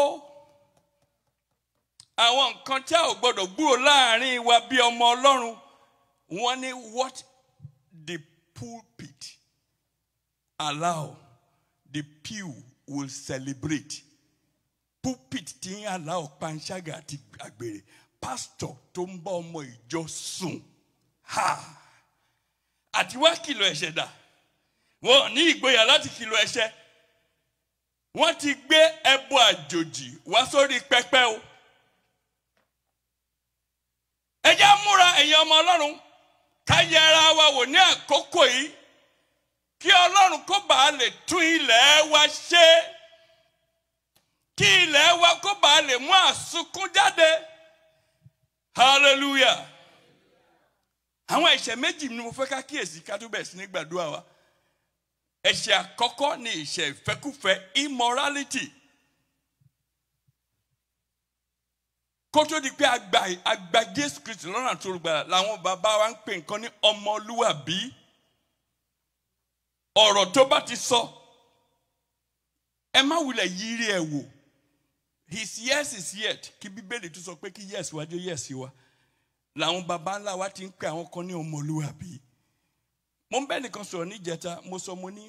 àwọn nǹkan tí a ò gbọdọ̀ gbúrò láàrin wa bí ọmọ Ọlọ́run wọ́n ní what the pulpit allow the pew will celebrate pulpit ti ń allow panṣágà àti àgbèrè pásítọ̀ tó ń bá ọmọ ìjọ sùn àti wá kìlọ̀ ẹ̀ṣẹ̀ dà wọ́n ní ìgboyà láti kìlọ̀ ẹ̀ṣẹ̀ wọ́n ti gbé ẹbọ àjòjì wá sórí pẹpẹ o ẹ jẹ́ múra ẹ̀yin ọmọ ọlọ́run ká yẹ ara wa wò ní àkókò yìí kí ọlọ́run kó bàa lè tún ilẹ̀ wa ṣe kí ilẹ̀ wa kó bàa lè mú àsunkún jáde hallelujah àwọn ẹ̀ṣẹ̀ méjì ni mo fẹ́ ká kíyèsí ká tó bẹ̀rẹ̀ sí ní gbàdúrà wa ẹ̀ṣẹ̀ àkọ́kọ́ ni ẹ̀ṣẹ̀ ìfẹ́kúfẹ́ immorality kó tó di pé àgbà àgbà Jésù Kristi lọ́nà tó gbà làwọn bàbá wa ń pè nǹkan ní ọmọlúwàbí ọ̀rọ̀ tó bá ti sọ ẹ má wulẹ̀ yírí ẹ̀ wò his yes is yet kí bíbélì tún sọ pé kí yes wájú yes wa làwọn baba ńlá wa ti ń pè àwọn kan ní ọmọlúwàbí mo ń bẹ́ nìkan sọ̀rọ̀ níjẹta mo sọ mo ní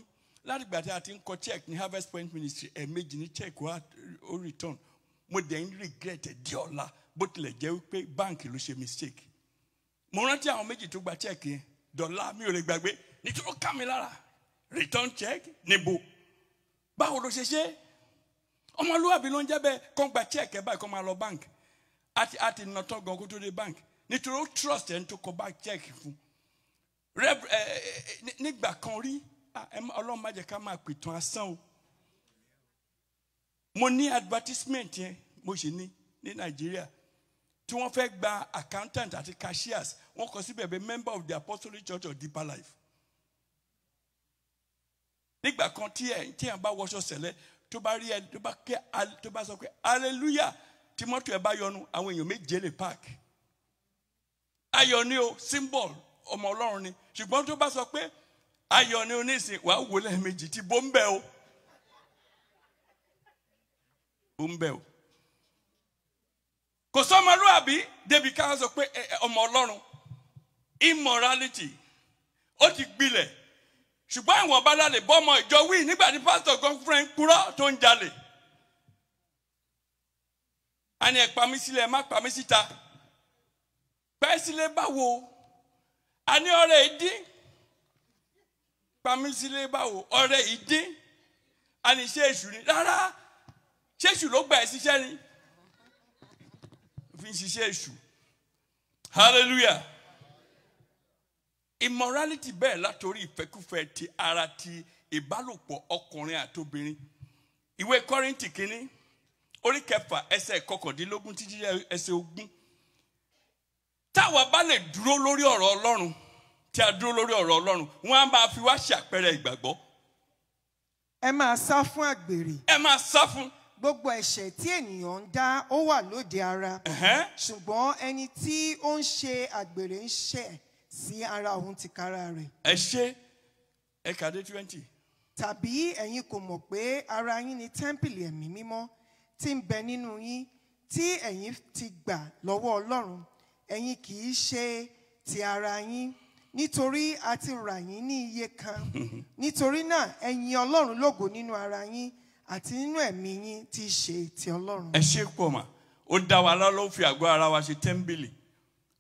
láti gbà tí a ti ń kọ check ní harvest point ministry ẹ̀ẹ̀mejì ní check wa ó return mo dẹ̀ ń regret di ọ̀la bó tilẹ̀ jẹ́ wípé báǹkì ló ṣe mistake mo rántí àwọn méjì tó gba check yẹn dọ̀la mi ò lè gbàgbé nítorí ó kà mí lára return check níbo báwo ló ṣe ṣe ọmọlúwàbí ló ń jẹ́ bẹ́ẹ̀ kọ́ gba check ẹ̀ báyìí kọ́ máa lọ bank àti àti nàtọ́ gan kó tó dé bank nítorí ó trust ẹ̀ ń tó kọ́ bá check fún nígbà kan rí ọlọ́run má jẹ́ ká máa pìtàn asán o mo ní advertisement yẹn mo sì ní ní nàìjíríà tí wọ́n fẹ́ gba accountant àti cashiers wọ́n kọ síbẹ̀ bẹ́ẹ̀ member of the apostolic church of deeper life nígbà kan tí ẹ̀ tí ẹ̀ bá wọṣọ sẹ̀lẹ̀ tó bá rí ẹni tó bá kẹ́ tó bá sọ pé hallelujah tí mọ́tò ẹ̀ bá yọnu àwọn èèyàn méje lè park ayọ̀ ni o symbol ọmọ ọlọ́run ni ṣùgbọ́n tó bá sọ pé ayọ̀ ni onísìn wàá wò lẹ́ẹ̀mejì tí bó ń bẹ o bó ń bẹ o kò sọmọlúwàbí débi ká sọ pé ọmọ ọlọ́run immorality ó ti gbilẹ̀ ṣùgbọ́n ìwọ̀nba la lè bọ́ ọmọ ìjọ wí nígbà tí pásítọ̀ kan fúnra ń kúrò tó ń jalè. a ní ẹ pa mí sílẹ̀ ẹ má pa mí síta. pẹ́ sílé báwo a ní ọ̀rẹ́ ìdí pa mí sílé báwo ọ̀rẹ́ ìdí a ṣé èṣù ni rárá ṣé èṣù ló gbà ẹ́ síṣẹ́ ni fi ń ṣiṣẹ́ èṣù hallelujah immorality bẹ́ẹ̀ látòrí ìfẹ́kúfẹ́ ti ara ti ìbálòpọ̀ ọkùnrin àtobìnrin ìwé kọ́rìntì kínní orí kẹfà ẹsẹ̀ kọkàndínlógún títí ẹsẹ̀ ogún táwa bá lè dúró lórí ọ̀rọ̀ ọlọ́run tí a dúró lórí ọ̀rọ̀ ọlọ́run wọ́n á máa fi wá ṣàpẹẹrẹ ìgbàgbọ́. ẹ máa sá fún àgbèrè. ẹ máa sá fún. gbogbo ẹ̀ṣẹ̀ tí ènìyàn ń dá ó wà lóde ara ṣùgbọ́n ẹni tí ó ń ṣe àgbèrè ń ṣẹ̀ sí ara òun tìkára rẹ̀. ẹ ṣe ẹ kàdé twenty. tàbí ẹ̀yin kò mọ̀ pé ara yín ni tẹ́ḿpìlì ẹ̀mí mímọ́ tí ń bẹ nínú yín tí ẹ̀yin ti gbà lọ́wọ́ Ọlọ́run ẹ̀yin kì í ṣe ti ara yín nítorí a ti rà yín ní iye kan nítorí náà ẹ yin Ọlọ́run lógo nínú ara yín àti nínú ẹ̀mí yín tí ṣe ti Ọlọ́run. ẹ ṣe pọ̀ mà ó dá wa lọ́wọ́ fi àgọ́ ara wa ṣe tẹ́ḿpìlì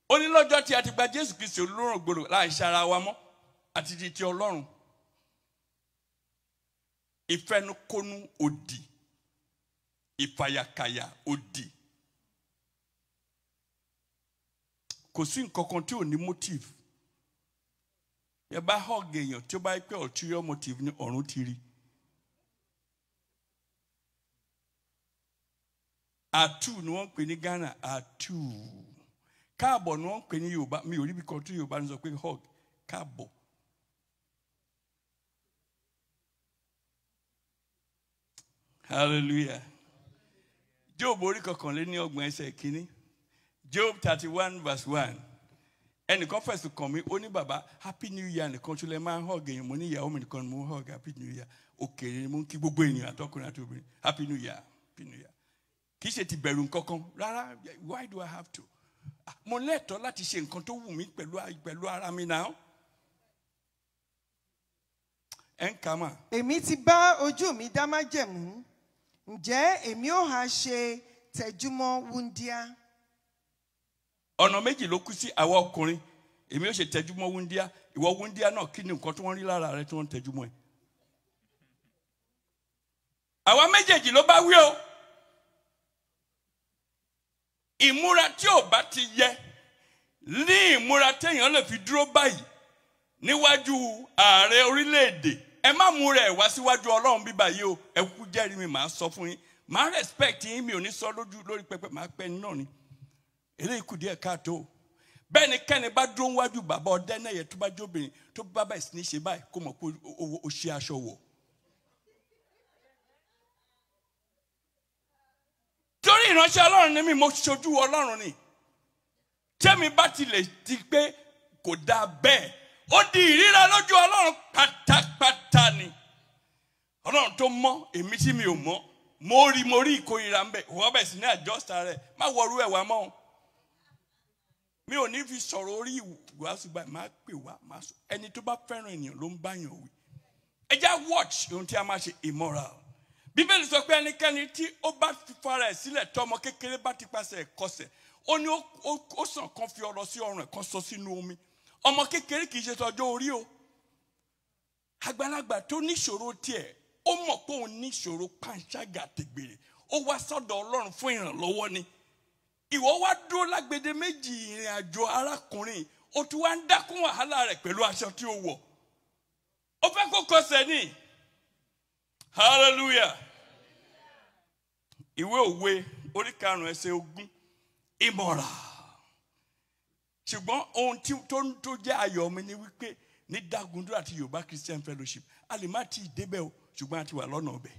ó ní lọ́jọ́ tí a ti gba jésù kristi olóràn gbòòrò láì ṣara wa mọ́ àti di ti ọlọ́run ìfẹnukonu òdì ìfàyàkàyà òdì kò sí nǹkan kan tí ò ní motive yẹ bá hug èèyàn tí ó bá pẹ́ ulterior motive ní ọ̀run ti rí àtù ni wọ́n ń pè ní Ghana àtù káàbọ̀ ni wọ́n ń pè ní yorùbá mi ò rí ibi kan tí yorùbá ń sọ pé hug káàbọ̀. hallelujah job orí kọkànléní ọgbọ̀n ẹsẹ̀ kínní job thirty one verse one ẹnìkan fẹ̀sùn kàn mí ó ní baba happy new year nìkan tó lẹ máa ń hug èèyàn mo ní ìyàwó mi nìkan ni mo ń hug happy new year òkèèrè ni mo ń kí gbogbo èèyàn àtọkùnrin àti obìnrin happy new year happy new year kì í ṣe ti bẹ̀rù nǹkan rárá why do i have to Ah, mo lẹ́tọ̀ọ́ láti ṣe nǹkan tó wù mí pẹ̀lú pẹ̀lú ara mi náà. ẹ ń kà mà. èmi ti bá ojú mi dá májẹ̀mú ǹjẹ́ èmi ò ha ṣe tẹ̀júmọ́ wúndíá. ọ̀nà méjì ló kú sí àwa ọkùnrin èmi ò ṣe tẹ̀júmọ́ wúndíá ìwọ wúndíá náà kí ni nǹkan tí wọ́n rí lára rẹ tí wọ́n tẹ̀júmọ́ ẹ̀. àwa méjèèjì ló bá wí o ìmúra tí ò bá ti yẹ ní ìmúra téèyàn lè fi dúró báyìí níwájú ààrẹ orílẹ̀-èdè ẹ má múra ẹ̀ wá síwájú ọlọ́run bíbá yìí o ẹ kú jẹ́rìí mi màá sọ fún yín màá respect yín mi ò ní sọ lójú lórí pẹpẹ màá pẹ́ ní ni eléyìí kù díẹ̀ káàtó bẹ́ẹ̀ ni kẹ́ni bá dúró wájú bàbá ọdẹ náà yẹ tó bá jóbìnrin tó bá bá ìsìn ní ṣe báyìí kó mọ̀ pé o ṣe aṣọ wọ̀ torí ìránṣẹ́ ọlọ́run ni mi mo ṣojú ọlọ́run ni tẹ́mi bá tilẹ̀ di pé kò dáa bẹ́ẹ̀ ó di ìríra lójú ọlọ́run pátápátá ni ọlọ́run tó mọ̀ èmi tí mi ò mọ̀ mo rí mo rí ìkórira ń bẹ wọ́n bẹ̀ sí ní àjọsà rẹ̀ má wọrú ẹ̀wà mọ́ mi ò ní fi sọ̀rọ̀ orí ìwà ṣùgbọ́n máa pè wá máa sọ ẹni tó bá fẹ́ràn ènìyàn ló ń báyàn wí ẹ já watch ohun tí a máa ṣe immoral bíbélì sọ pé ẹnikẹ́ni tí ó bá fara ẹ̀ sílẹ̀ tọmọ kékeré bá ti pasẹ̀ ẹ̀ kọsẹ̀ ó ní ó sàn kan fi ọ̀rọ̀ sí ọrùn ẹ̀ kan sọ sínú omi ọmọ kékeré kì í ṣe tọjọ́ orí o àgbàlagbà tó níṣòro tiẹ̀ ó mọ̀ pé òun níṣòro panṣágà tègbèrè ó wá sọ́dọ̀ ọlọ́run fún ìrànlọ́wọ́ ni ìwọ wá dúró lágbede méjì ìrìn àjò arákùnrin ó tún wá ń dákún wàhálà rẹ̀ pẹ̀lú aṣọ tí ó wọ̀ ó fẹ́ kó kọsẹ̀ ni hallelujah ìwé òwe orí karùn-ún ẹsẹ̀ ogún ìmọ̀ràn ṣùgbọ́n ohun tí tó jẹ́ ayọ̀ mi ni wípé ní Dagunduro àti Yorùbá Christian Fellowship a lè má ti débẹ̀ o ṣùgbọ́n a ti wà lọ́nà ọbẹ̀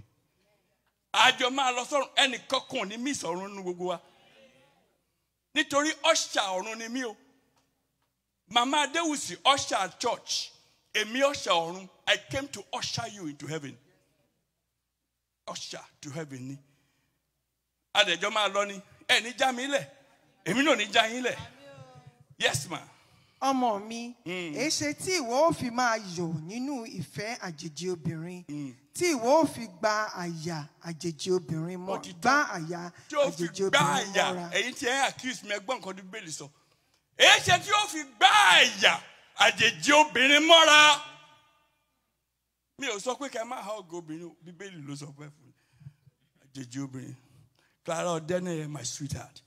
àjọ máa lọ sọ́run ẹnìkan kàn ní mí sọ̀run nínú gbogbo wa nítorí ọ̀ṣà ọ̀run ni mí o màmá Adéwùsì ọ̀ṣà church èmi ọ̀ṣà ọ̀run I came to usher you into heaven usher to heaven ni adẹjọ máa lọ ni ẹ ní já mi lẹ èmi náà ní já yín lẹ yes ma. ọmọ mi èé hmm. ṣe tí ìwọ ò fi máa yọ̀ nínú ìfẹ́ àjèjì obìnrin hmm. tí ìwọ ò fi gba àyà àjèjì obìnrin mọ́ gba àyà àjèjì obìnrin mọ́ra. ẹ̀yin tí ẹ accuse mi ẹ̀gbọ́n nǹkan tó bẹ́ẹ̀ lè sọ èé ṣe tí ó fi gba àyà àjèjì obìnrin mọ́ra. so quick, I'm kẹ má ha ògo obìnrin bíbélì ló sọ pé fún àjèjì obìnrin Clara Ọdẹnẹyẹ my sweetheart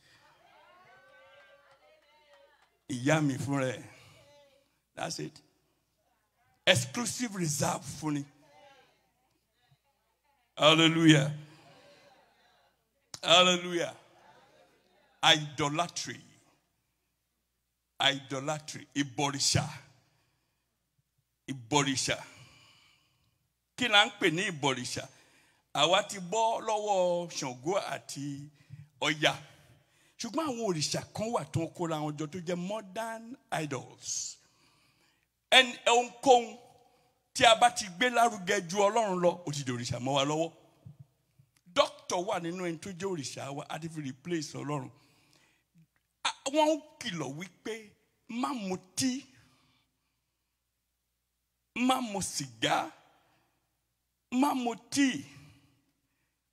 Yummy mi that's it exclusive reserve for me. hallelujah hallelujah idolatry idolatry Iborisha. Iborisha. kí là ń pè ní ìbọ̀rìṣà àwa ti bọ́ lọ́wọ́ ṣàngó àti ọya ṣùgbọ́n àwọn òrìṣà kan wà tó ń kóra àwọn ọjọ́ tó jẹ́ modern idols ẹni ohunkóhun tí a bá ti gbé lárugẹ ju ọlọ́run lọ ó ti di òrìṣà mọ́ wa lọ́wọ́ dókítà wà nínú ẹni tó jẹ́ òrìṣà wa á ti fi replace ọlọ́run wọ́n ń kìlọ̀ wípé má mutí má mu sìgá má mu tíì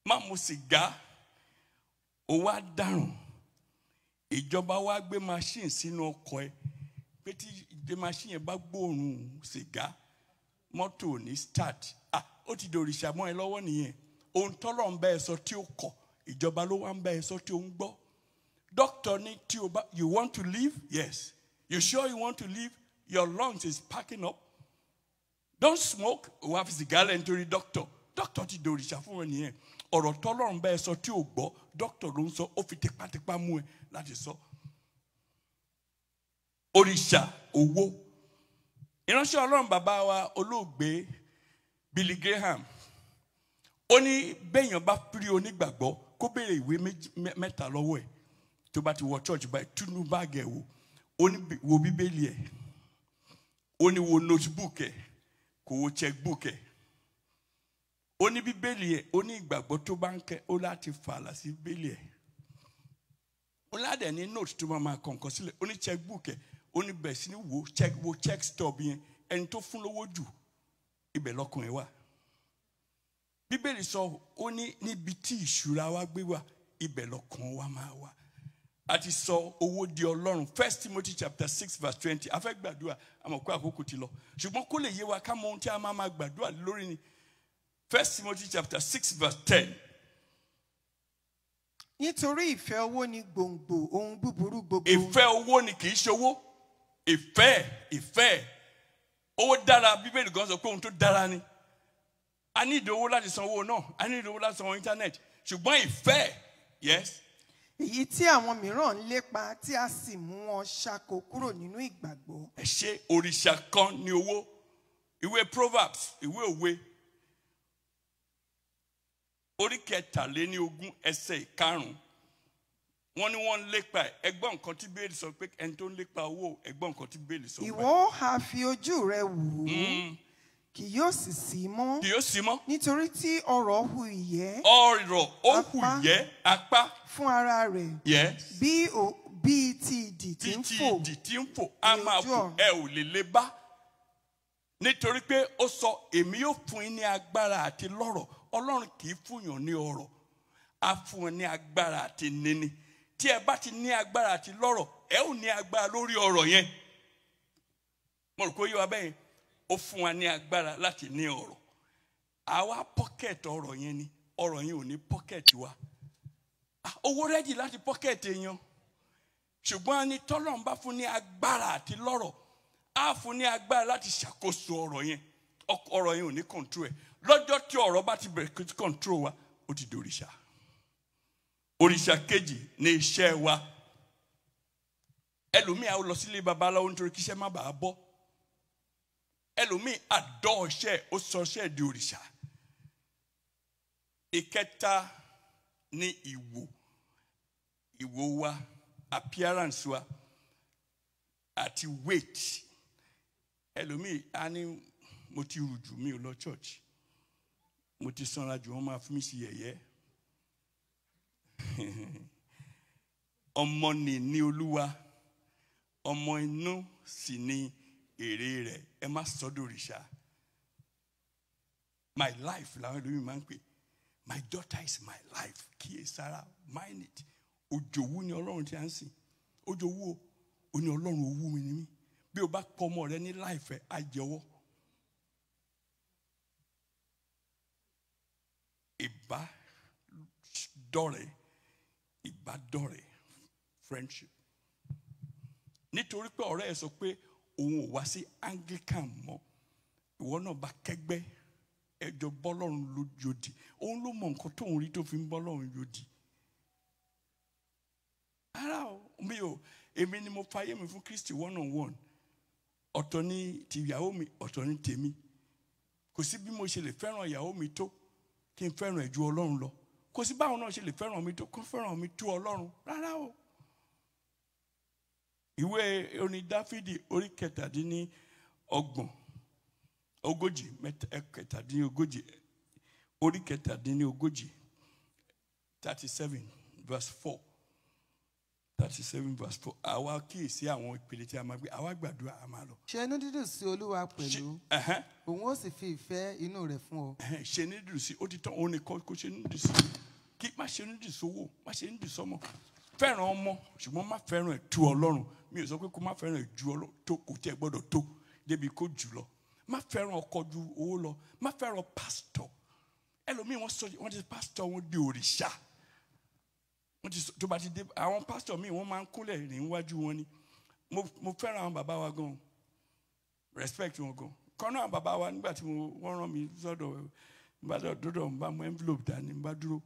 má mu sìgá ó wá dárùn ìjọba wa gbé machine sínú ọkọ ẹ pé tí ìdè machine yẹn bá gbóòórùn sìgá mọ́tò ò ní start ah ó ti dòrìṣà mọ́ ẹ lọ́wọ́ nìyẹn ohun tọ́lọ̀ ń bá ẹ sọ tí ó kọ̀ ìjọba ló wá ń bá ẹ sọ tí ó ń gbọ́ doctor ní tí o bá you want to live yes you sure you want to live your lungs is packing up don't smoke o wá fi sìgá lẹ́yìn torí doctor doctor ti dòrìṣà fún ẹ nìyẹn ọ̀rọ̀ tọ́lọ́run bẹ́ẹ̀ sọ tí ò gbọ́ doctor ló ń sọ ó fi tipátipá mú ẹ láti sọ òrìṣà owó ìránṣẹ́ ọlọ́run bàbá wa olóògbé Billy Graham ó ní bẹ́ẹ̀yàn bá pírí onígbàgbọ́ kó béèrè ìwé mẹ́ta lọ́wọ́ ẹ̀ tó bá ti wọ church báyìí túnú báàgì ẹ̀ wò ó ní wo bíbélì ẹ̀ ó ní wo notebook ẹ̀ kò wo checkbook ẹ̀ ó ní bíbélì ẹ̀ ó ní ìgbàgbọ́ tó bá ń kẹ́ ó láti fààlà sí bíbélì ẹ̀ ó ládẹ̀ ní note tó máa máa kọ̀ǹkan sílẹ̀ ó ní checkbook ẹ̀ ó ní bẹ̀rẹ̀ sí ní wo check wo check stop yẹn ẹni tó fún lówó jù ibẹ̀ lọ́kùnrin wà bíbélì sọ ó ní níbi tí ìṣúra wa gbé wà ibẹ̀ lọ́kàn wa máa wà àti sọ owó di ọlọ́run first timothy chapter six verse twenty a fẹ́ gbàdúrà àmọ́ kó àkókò ti lọ ṣùgbọ́n kó lè yé wa ká mọ ohun tí a máa ma gbàdúrà lórí ni first timothy chapter six verse ten. nítorí ìfẹ́ owó ni gbòǹgbò ohun búburú gbogbo. ìfẹ́ owó ni kì í ṣowó ìfẹ́ ìfẹ́ owó dára bíbélì gan sọ pé ohun tó dára ni a ní ìdí owó láti san owó náà a ní ìdí láti san owó íńtánẹ́ẹ̀tì ṣùgbọ́n ìfẹ́ yes èyí tí àwọn mìíràn ń lépa tí a sì mú wọn ṣáko kúrò nínú ìgbàgbọ́. ẹ ṣe òrìṣà kan ni owó ìwé proverbs ìwé òwe orí kẹtàléní ogún ẹsẹ̀ ìkarùn wọ́n ní wọ́n ń lépa ẹ ẹgbọn nǹkan tí bẹ́ẹ̀lì sọ pé ẹni tó ń lépa owó ẹgbọn nǹkan tí bẹ́ẹ̀lì sọ ìwọ ha fi ojú rẹ wò ó hmm kì yóò sì sí mọ́. kì yóò sí mọ́. nítorí tí ọ̀rọ̀ hu ìyẹ́. ọ̀rọ̀ ó hu ìyẹ́ apá. fún ara rẹ̀. yẹ. bí o bí ti ìdì tí ń fò. ti ìdì tí ń fò a máa fò ẹ ò lè lè bá. nítorí pé ó sọ èmi yóò fún yín ní agbára àti lọ́rọ̀ ọlọ́run kì í fún yàn ní ọrọ̀ á fún ọ ní agbára àti níní tí ẹ bá ti ní agbára àti lọ́rọ̀ ẹ ò ní agbára lórí ọrọ̀ yẹn mo rò pé ó yẹ wa bẹ́ẹ̀ yẹn ó fún wa ní agbára láti ní ọ̀rọ̀ àwa pọ́kẹ̀tì ọ̀rọ̀ yẹn ni ọ̀rọ̀ yẹn ò ní pọ́kẹ̀tì wa owó rẹ́dì láti pọ́kẹ̀tì èèyàn ṣùgbọ́n a ní tọ́lọ́run bá fún ní agbára àti lọ́rọ̀ á fún ní agbára láti ṣàkóso ọ̀rọ̀ yẹn ọ̀rọ̀ yẹn ò ní kọ̀ǹtró ẹ̀ lọ́jọ́ tí ọ̀rọ̀ bá ti bẹ̀rẹ̀ kọ̀ǹtró wa ó ti di òrìṣà òrìṣà kejì ní iṣẹ́ wa ẹlòmíà ó lọ sílé babaláwo nítorí kíṣẹ́ má bàa bọ́ ẹlòmíì àdán ọṣẹ ó sọ ọṣẹ di òrìṣà ìkẹta ní ìwò ìwò wa appearance wa àti weight ẹlòmíì á ní mo ti rù jù mí ò lọ church mo ti sanra jù wọn máa fún mi sí yẹ̀yẹ́ ọmọ nì ní olúwa ọmọ inú sì ni èrè rẹ̀ ẹ má sọdọ òrìṣà my life làwọn ẹlòmíì máa ń pè my daughter is my life kíyè sára mind it òjòwú ni ọlọ́run ti à ń sìn òjòwú o ò ní ọlọ́run owú mi ni mí bí o bá kọ ọmọ rẹ ní láìfẹ́ á jẹ́wọ́ ìbádọ́rẹ̀ dore, friendship nítorí pé ọ̀rẹ́ ẹ sọ pé òun ò wá sí anglican mọ́ ìwọ náà bá kẹ́gbẹ́ ẹjọ bọ́lọ́run ló yòdì òun ló mọ nǹkan tóun rí tó fi ń bọ́lọ́run yòdì ara mi ò èmi ni mo fayé mi fún Kristi one on one ọ̀tọ̀ ni ti ìyàwó mi ọ̀tọ̀ ni tèmi kò sí bí mo ṣe lè fẹ́ràn ìyàwó mi tó kí n fẹ́ràn ẹ̀ ju Ọlọ́run lọ kò sí báwọn náà ṣe lè fẹ́ràn mi tó kó fẹ́ràn mi tó Ọlọ́run rárá o ìwé orin dáfídì orí kẹtàdínní ọgbọ̀n ogójì eh, kẹtàdínní ogójì orí kẹtàdínní ogójì thirty seven verse four thirty seven verse four àwa kíyèsí àwọn ìpele tí a máa gbé àwa gbàdúrà a máa lọ. ṣe inú dídùn sí olúwa pẹ̀lú òun ó sì fi ìfẹ́ inú rẹ̀ fún ọ. ṣe inú dídùn sí ó ti tán òun nìkan kó ṣe inú dídùn sí kí má ṣe inú dídùn sówó má ṣe inú dídùn sọmọ fẹ́ràn ọmọ ṣùgbọ́n má fẹ́ràn ẹ̀ tu ọlọ́run mi ò sọ pé kó má fẹ́ràn ju ọ tó kò tiẹ̀ gbọ́dọ̀ tó débi kó jù lọ má fẹ́ràn ọkọ ju owó lọ má fẹ́ràn pásítọ̀ ẹlòmíì wọ́n sọ wọ́n ti pásítọ̀ wọn di òrìṣà wọ́n ti tó bá ti dé àwọn pásítọ̀ míì wọ́n máa ń kúnlẹ̀ rìn níwájú wọn ni mo fẹ́ràn àwọn bàbá wa gan respect wọn gan kọ́nà àwọn bàbá wa nígbà tí wọ́n rán mi sọ́dọ̀ nígbà tó dọ́dọ̀ ń bá mú envelope dání ń bá dúró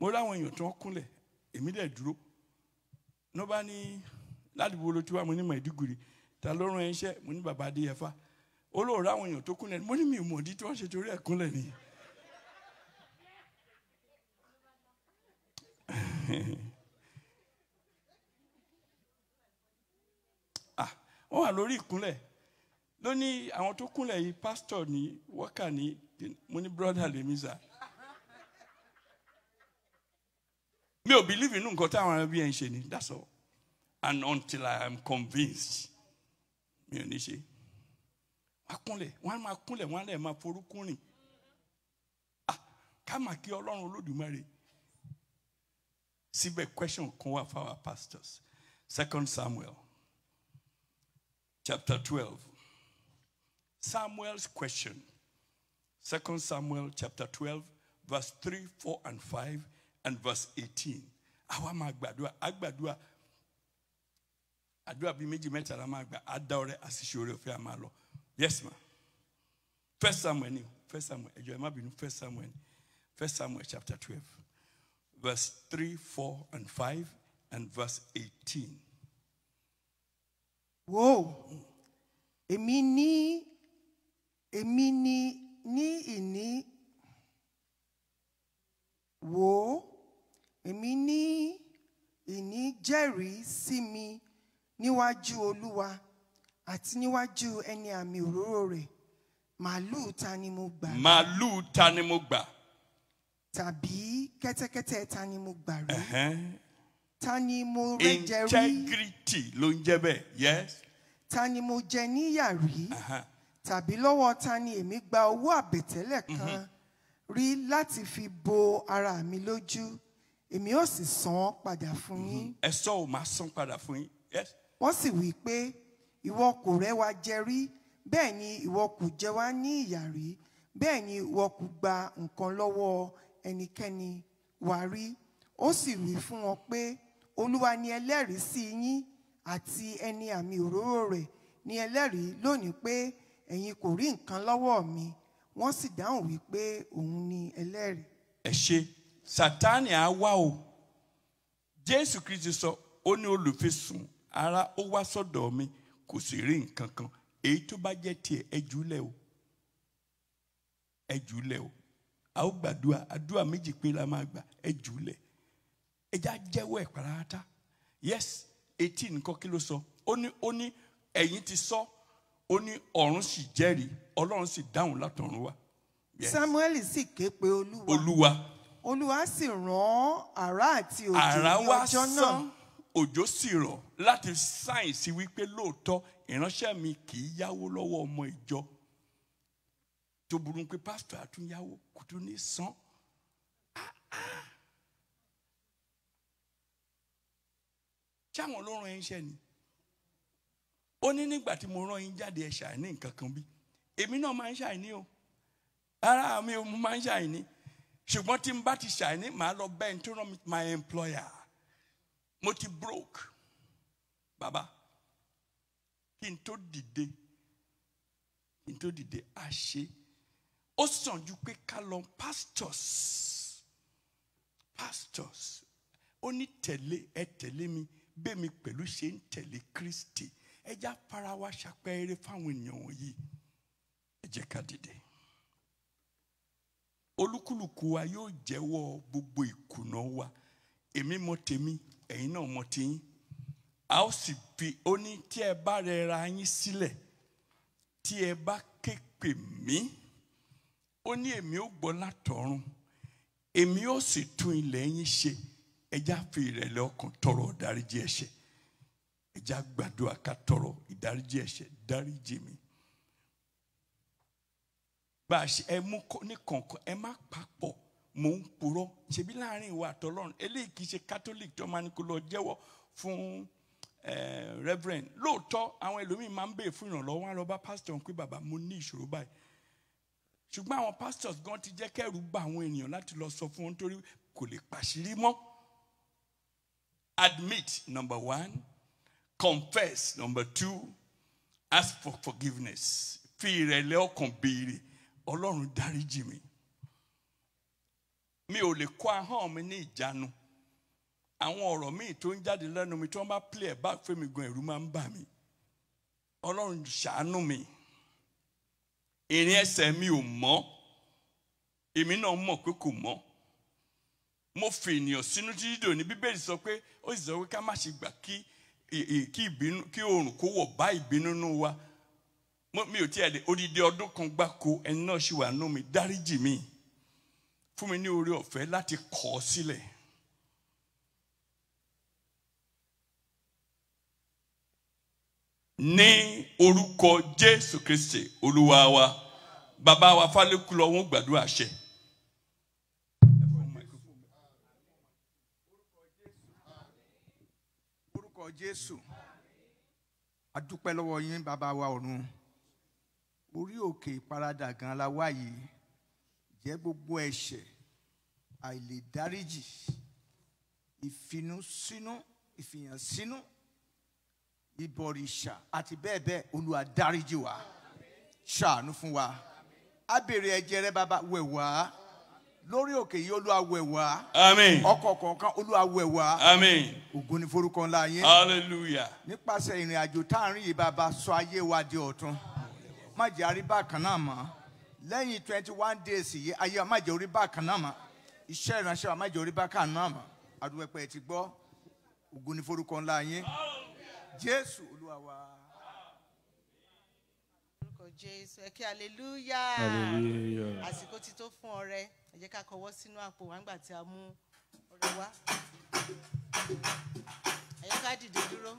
mo láwọn èèyàn tó ń kúnlẹ̀ èmi dẹ̀ dúró ní wọ́n bá ní ládùúgbò ló ti wá mo ní Maiduguri ta ló rán iṣẹ́ mo ní bàbá adéyẹfà olóòrò àwọn èèyàn tó kúnlẹ̀ mo ní mi mọ̀ ní tí wọ́n ṣe torí ẹ̀ kúnlẹ̀ ni. Ah, wọ́n wà lórí ìkúnlẹ̀ lónìí àwọn tó kúnlẹ̀ yìí pásítọ̀ ní wọ́kà ní mo ní brọ́dà lèmi sà. mi ò bìlíìfì nínú nǹkan táwọn ará bí ẹ̀ ń ṣe ni that's all. and until I am convinced. Mi ò ní ṣe. Wọ́n á wọ́n á máa kúnlẹ̀, wọ́n á lẹ̀ máa forúkún rìn. Ah, ká máa kí Ọlọ́run Olódùmarè. Síbẹ̀ question kan wà fáwọn pastors. Second Samuel chapter twelve. Samuel's question. Second Samuel chapter twelve verse three, four and five and verse eighteen. Àwa máa gbàdúrà, àgbàdúrà àdúrà bíi méjì mẹ́ta la máa gbà á dá ọrẹ àṣìṣe oore ọ̀fẹ́ a máa lọ yes ma first samuel ni first samuel ẹjọ ẹ má bínú first samuel first samuel chapter twelve verse three four and five and verse eighteen. wo èmi ní èmi ní ní ìní wo èmi ní ìní Jerry see me níwájú olúwa àti níwájú ẹni àmì òróró rẹ̀ màálùú ta ni mo gbà. màálùú ta ni mo gbà. tàbí kẹ́tẹ́kẹ́tẹ́ ta ni mo gbà rí. ta ni mo rẹ jẹ rí. integrity ló ń jẹ bẹ́ẹ̀ yes. ta ni mo jẹ níyà rí. tàbí lọ́wọ́ ta ni èmi gba owó àbẹ̀tẹ́lẹ̀ kan. Mhm. rí láti fi bo ara mi lójú èmi ó sì san án padà fún mhm. yín. ẹ sọ ò máa san padà fún yín wọ́n sì wí pé ìwọ kò rẹ́ wa jẹ rí bẹ́ẹ̀ ni ìwọ kò jẹ wá ní ìyà rí bẹ́ẹ̀ ni ìwọ kò gba nǹkan lọ́wọ́ ẹnikẹ́ni wa rí ó sì wí fún wọn pé olúwa ni ẹlẹ́rìí sí yín àti ẹni àmì òróró rẹ̀ ni ẹlẹ́rìí lónìí pé ẹ̀yin kò rí nǹkan lọ́wọ́ mi wọ́n sì dáhùn wípé òun ni ẹlẹ́rìí. ẹ ṣe sátánì á wá o jésù kristi sọ ó ní olùfisùn ara ó wá sọ́dọ̀ mi kò sì rí nǹkan kan èyí tó bá jẹ́ tiẹ̀ ẹ jùlẹ̀ o ẹ jùlẹ̀ o a ó gbàdúrà àdúrà méjì pé la máa gbà ẹ jùlẹ̀ ẹ jẹ́wọ́ ẹ̀ pàràtà yes eighteen nǹkan kí ló sọ ó ní ó ní ẹ̀yin ti sọ ó ní ọ̀run sì jẹ́rìí ọlọ́run sì dáhùn látọ̀run wá. Samuel sì ké pe olúwa olúwa olúwa sì rán àrá àti òjò ní ọjọ́ náà. àrá wá sàn òjò sì rọ̀ láti sáìn sí wípé lóòótọ́ ìránṣẹ́ mi kì í yáwó lọ́wọ́ ọmọ ìjọ tó burú pé pásítọ̀ àtúnyáwó kò tún ní san. sáwọn ló rán iṣẹ́ ni ó ní nígbà tí mo rán yín jáde ẹ ṣàìní nǹkan kan bí èmi náà máa ń ṣàìní o ara mi ò mú máa ń ṣàìní ṣùgbọ́n tí n bá ti ṣàìní màá lọ bẹ́ẹ̀ tó rán mi my employer mo ti broke baba, kí n tó dìde kí n tó dìde a ṣe ó sàn ju pé ká lọ pastors pastors ó ní tẹ̀lé ẹ tẹ̀lé mi bẹ́ẹ̀ mi pẹ̀lú ṣe ń tẹ̀lé Kristi ẹ já para wa ṣàpẹẹrẹ fáwọn èèyàn wọ̀nyí ẹ jẹ́ ká dìde olúkúlùkù wa yóò jẹ́wọ́ gbogbo ìkùnà wa èmi mọ tèmi ẹ̀yin náà mọ tiyín a ó sì bi ó ní tí ẹ bá rẹ ra yín sílẹ̀ tí ẹ bá ké pè mí ó ní èmi ó gbọ́ látọ̀run èmi ó sì tún ilẹ̀ yín ṣe ẹjá fi ìrẹ̀lẹ̀ ọkàn tọrọ ìdáríjì ẹ̀ṣẹ̀ ẹjá gbàdúrà ká tọrọ ìdáríjì ẹ̀ṣẹ̀ dáríjì mi bá a ṣe ẹ mú ní kọ̀ọ̀kan ẹ má papọ̀ mò ń purọ́ ṣebí láàrin ìwà àtọ́lọ́run eléyìí kì í ṣe catholic tó máa ní kó lọ jẹ́wọ́ fún reverend lóòótọ́ àwọn ẹlòmíín máa ń bèè fún ìrànlọ́wọ́ wọn lọ pastor ń pé bàbá mo ní ìṣòro báyìí ṣùgbọ́n àwọn pastors gan ti jẹ́ kẹ́rù bà àwọn ènìyàn láti lọ sọ fún wọn nítorí kò lè pàṣírí mọ́ admit number one confess number two ask for forgiveness fi ìrẹ̀lẹ̀ ọkàn béèrè ọlọ́run dáríjì mi mi ò lè kó ahọ́n mi ní ìjánu àwọn ọ̀rọ̀ míì tó ń jáde lẹ́nu mi tí wọ́n bá play back bá mi gan ẹ̀rú máa ń bà mí ọlọ́run ṣàánú mi ìrìn ẹsẹ̀ mi ò mọ́ èmi náà mọ̀ pé kò mọ́ mo fi ènìyàn sínú títí dòní bíbélì sọ pé ó sì sọ pé ká má ṣe gbà kí kí ìbínú kí oòrùn kó wọ̀ bá ìbínú nù wa mi ò tiẹ̀ lè odidi ọdún kan gbáko ẹni náà ṣì wà nù mí dáríjì mi fún mi ní oore ọ̀fẹ́ láti kọ̀ ọ́ sílẹ̀. ní orúkọ Jésù Kristi olúwa wa bàbá wa fálékulọ wọn gbàdúrà ṣe. orúkọ Jésù a lọ́wọ́ yín bàbá wa ọ̀run orí òkè ìparadà gan la wá ìjẹ́ gbogbo ẹ̀ṣẹ̀ àìlèdáríjì ìfinúsínú ìfìyànsínú ìbọ̀rìṣà àti bẹ́ẹ̀ bẹ́ẹ̀ olúwa dáríjì wa ṣàánú fún wa a béèrè ẹ̀jẹ̀ rẹ bàbá wẹ̀ wá lórí òkè yìí olúwa wẹ̀ wá àmín ọkọ̀ kọ̀ọ̀kan olúwa wẹ̀ wá àmín ògo ni forúkọ ńlá yín hallelujah nípasẹ̀ ìrìn àjò tá ń rìn yìí bàbá sọ ayé wa di ọ̀tun má jẹ́ àríbá kan náà mọ́ lẹ́yìn twenty one days yìí ayé amájẹ orí bákan náà mà iṣẹ́ ìránṣẹ́ amájẹ orí bákan náà mà adúpẹ́pẹ́ ti gbọ́ ògo ni forúkọ ńlá yín jésù olúwa wa. orúkọ jésù ẹ kí aleluya àsìkò ti tó fún ọrẹ ẹ jẹ́ ká kọwọ́ sínú àpò wa nígbà tí a mú ọrẹ wá ẹ jẹ́ ká dìde dúró.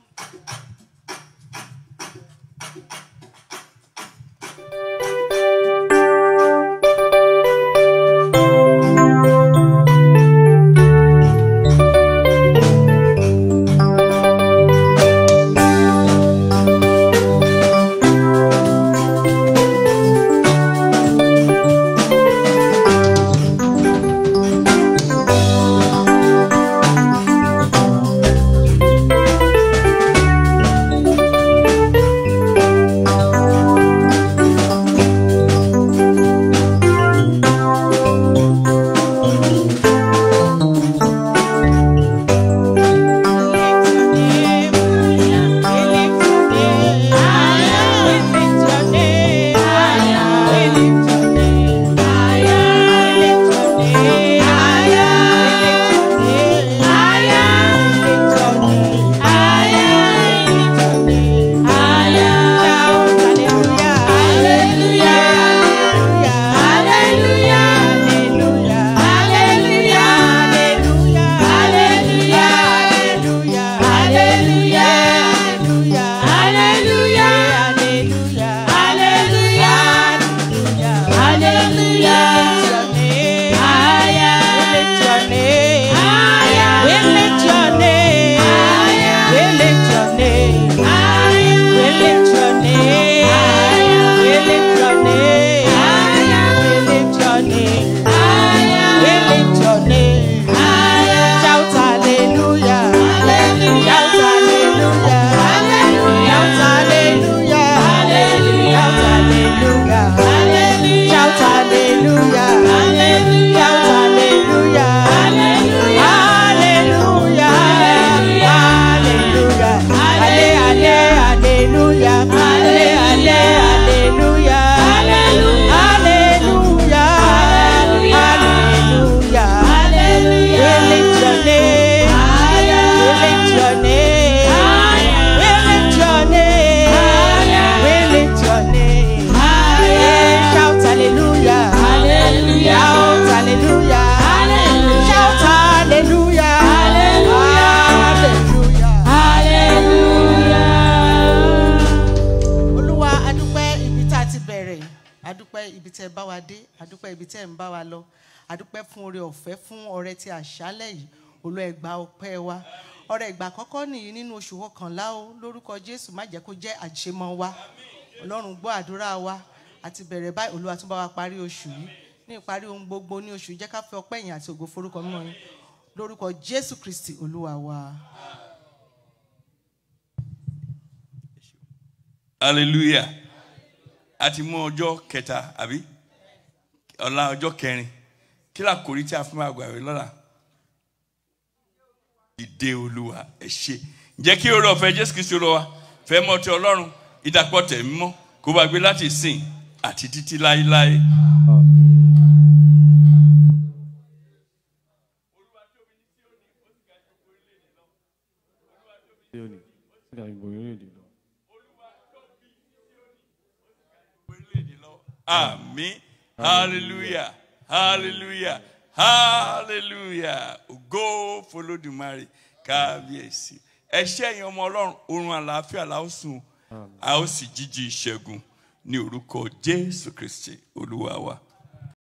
oore ọ̀fẹ́ fún ọrẹ ti àṣálẹ́ yìí Olúwa ẹ ọpẹ́ wa ọrẹ ìgbà àkọ́kọ́ nìyí nínú oṣù kọkànlá o lórúkọ Jésù má jẹ́ kó jẹ́ àṣemọ wa Ọlọ́run gbọ́ àdúrà wa àti bẹ̀rẹ̀ báyìí Olúwa tún bá wa parí oṣù yìí ní ìparí ohun gbogbo ní oṣù jẹ́ ká fi ọpẹ́ ìyìn àti ògo forúkọ mímọ́ yín lórúkọ Jésù Kristi Olúwa wa. hallelujah a ti mú ọjọ́ kẹta àbí ọ̀la ọjọ́ kẹrin Kila làkòrí tí a fi máa gbàwé lọ́la ìdè olúwa ẹ ṣe ǹjẹ́ kí oore ọ̀fẹ́ jésù kristu lọ wa fẹ́ mọ́ ti ọlọ́run ìdàpọ̀ tẹ̀mí mọ́ kó bá gbé láti sìn àti títí láéláé. Àmín hallelujah hallelujah hallelujah go follow the mary kábíyèsí ẹṣẹ yẹn ọmọ Ọlọ́run oorun àlàáfíà la ó sùn a ó sì jíjí ìṣẹ́gun ní orúkọ Jésù Kristi Olúwa wa.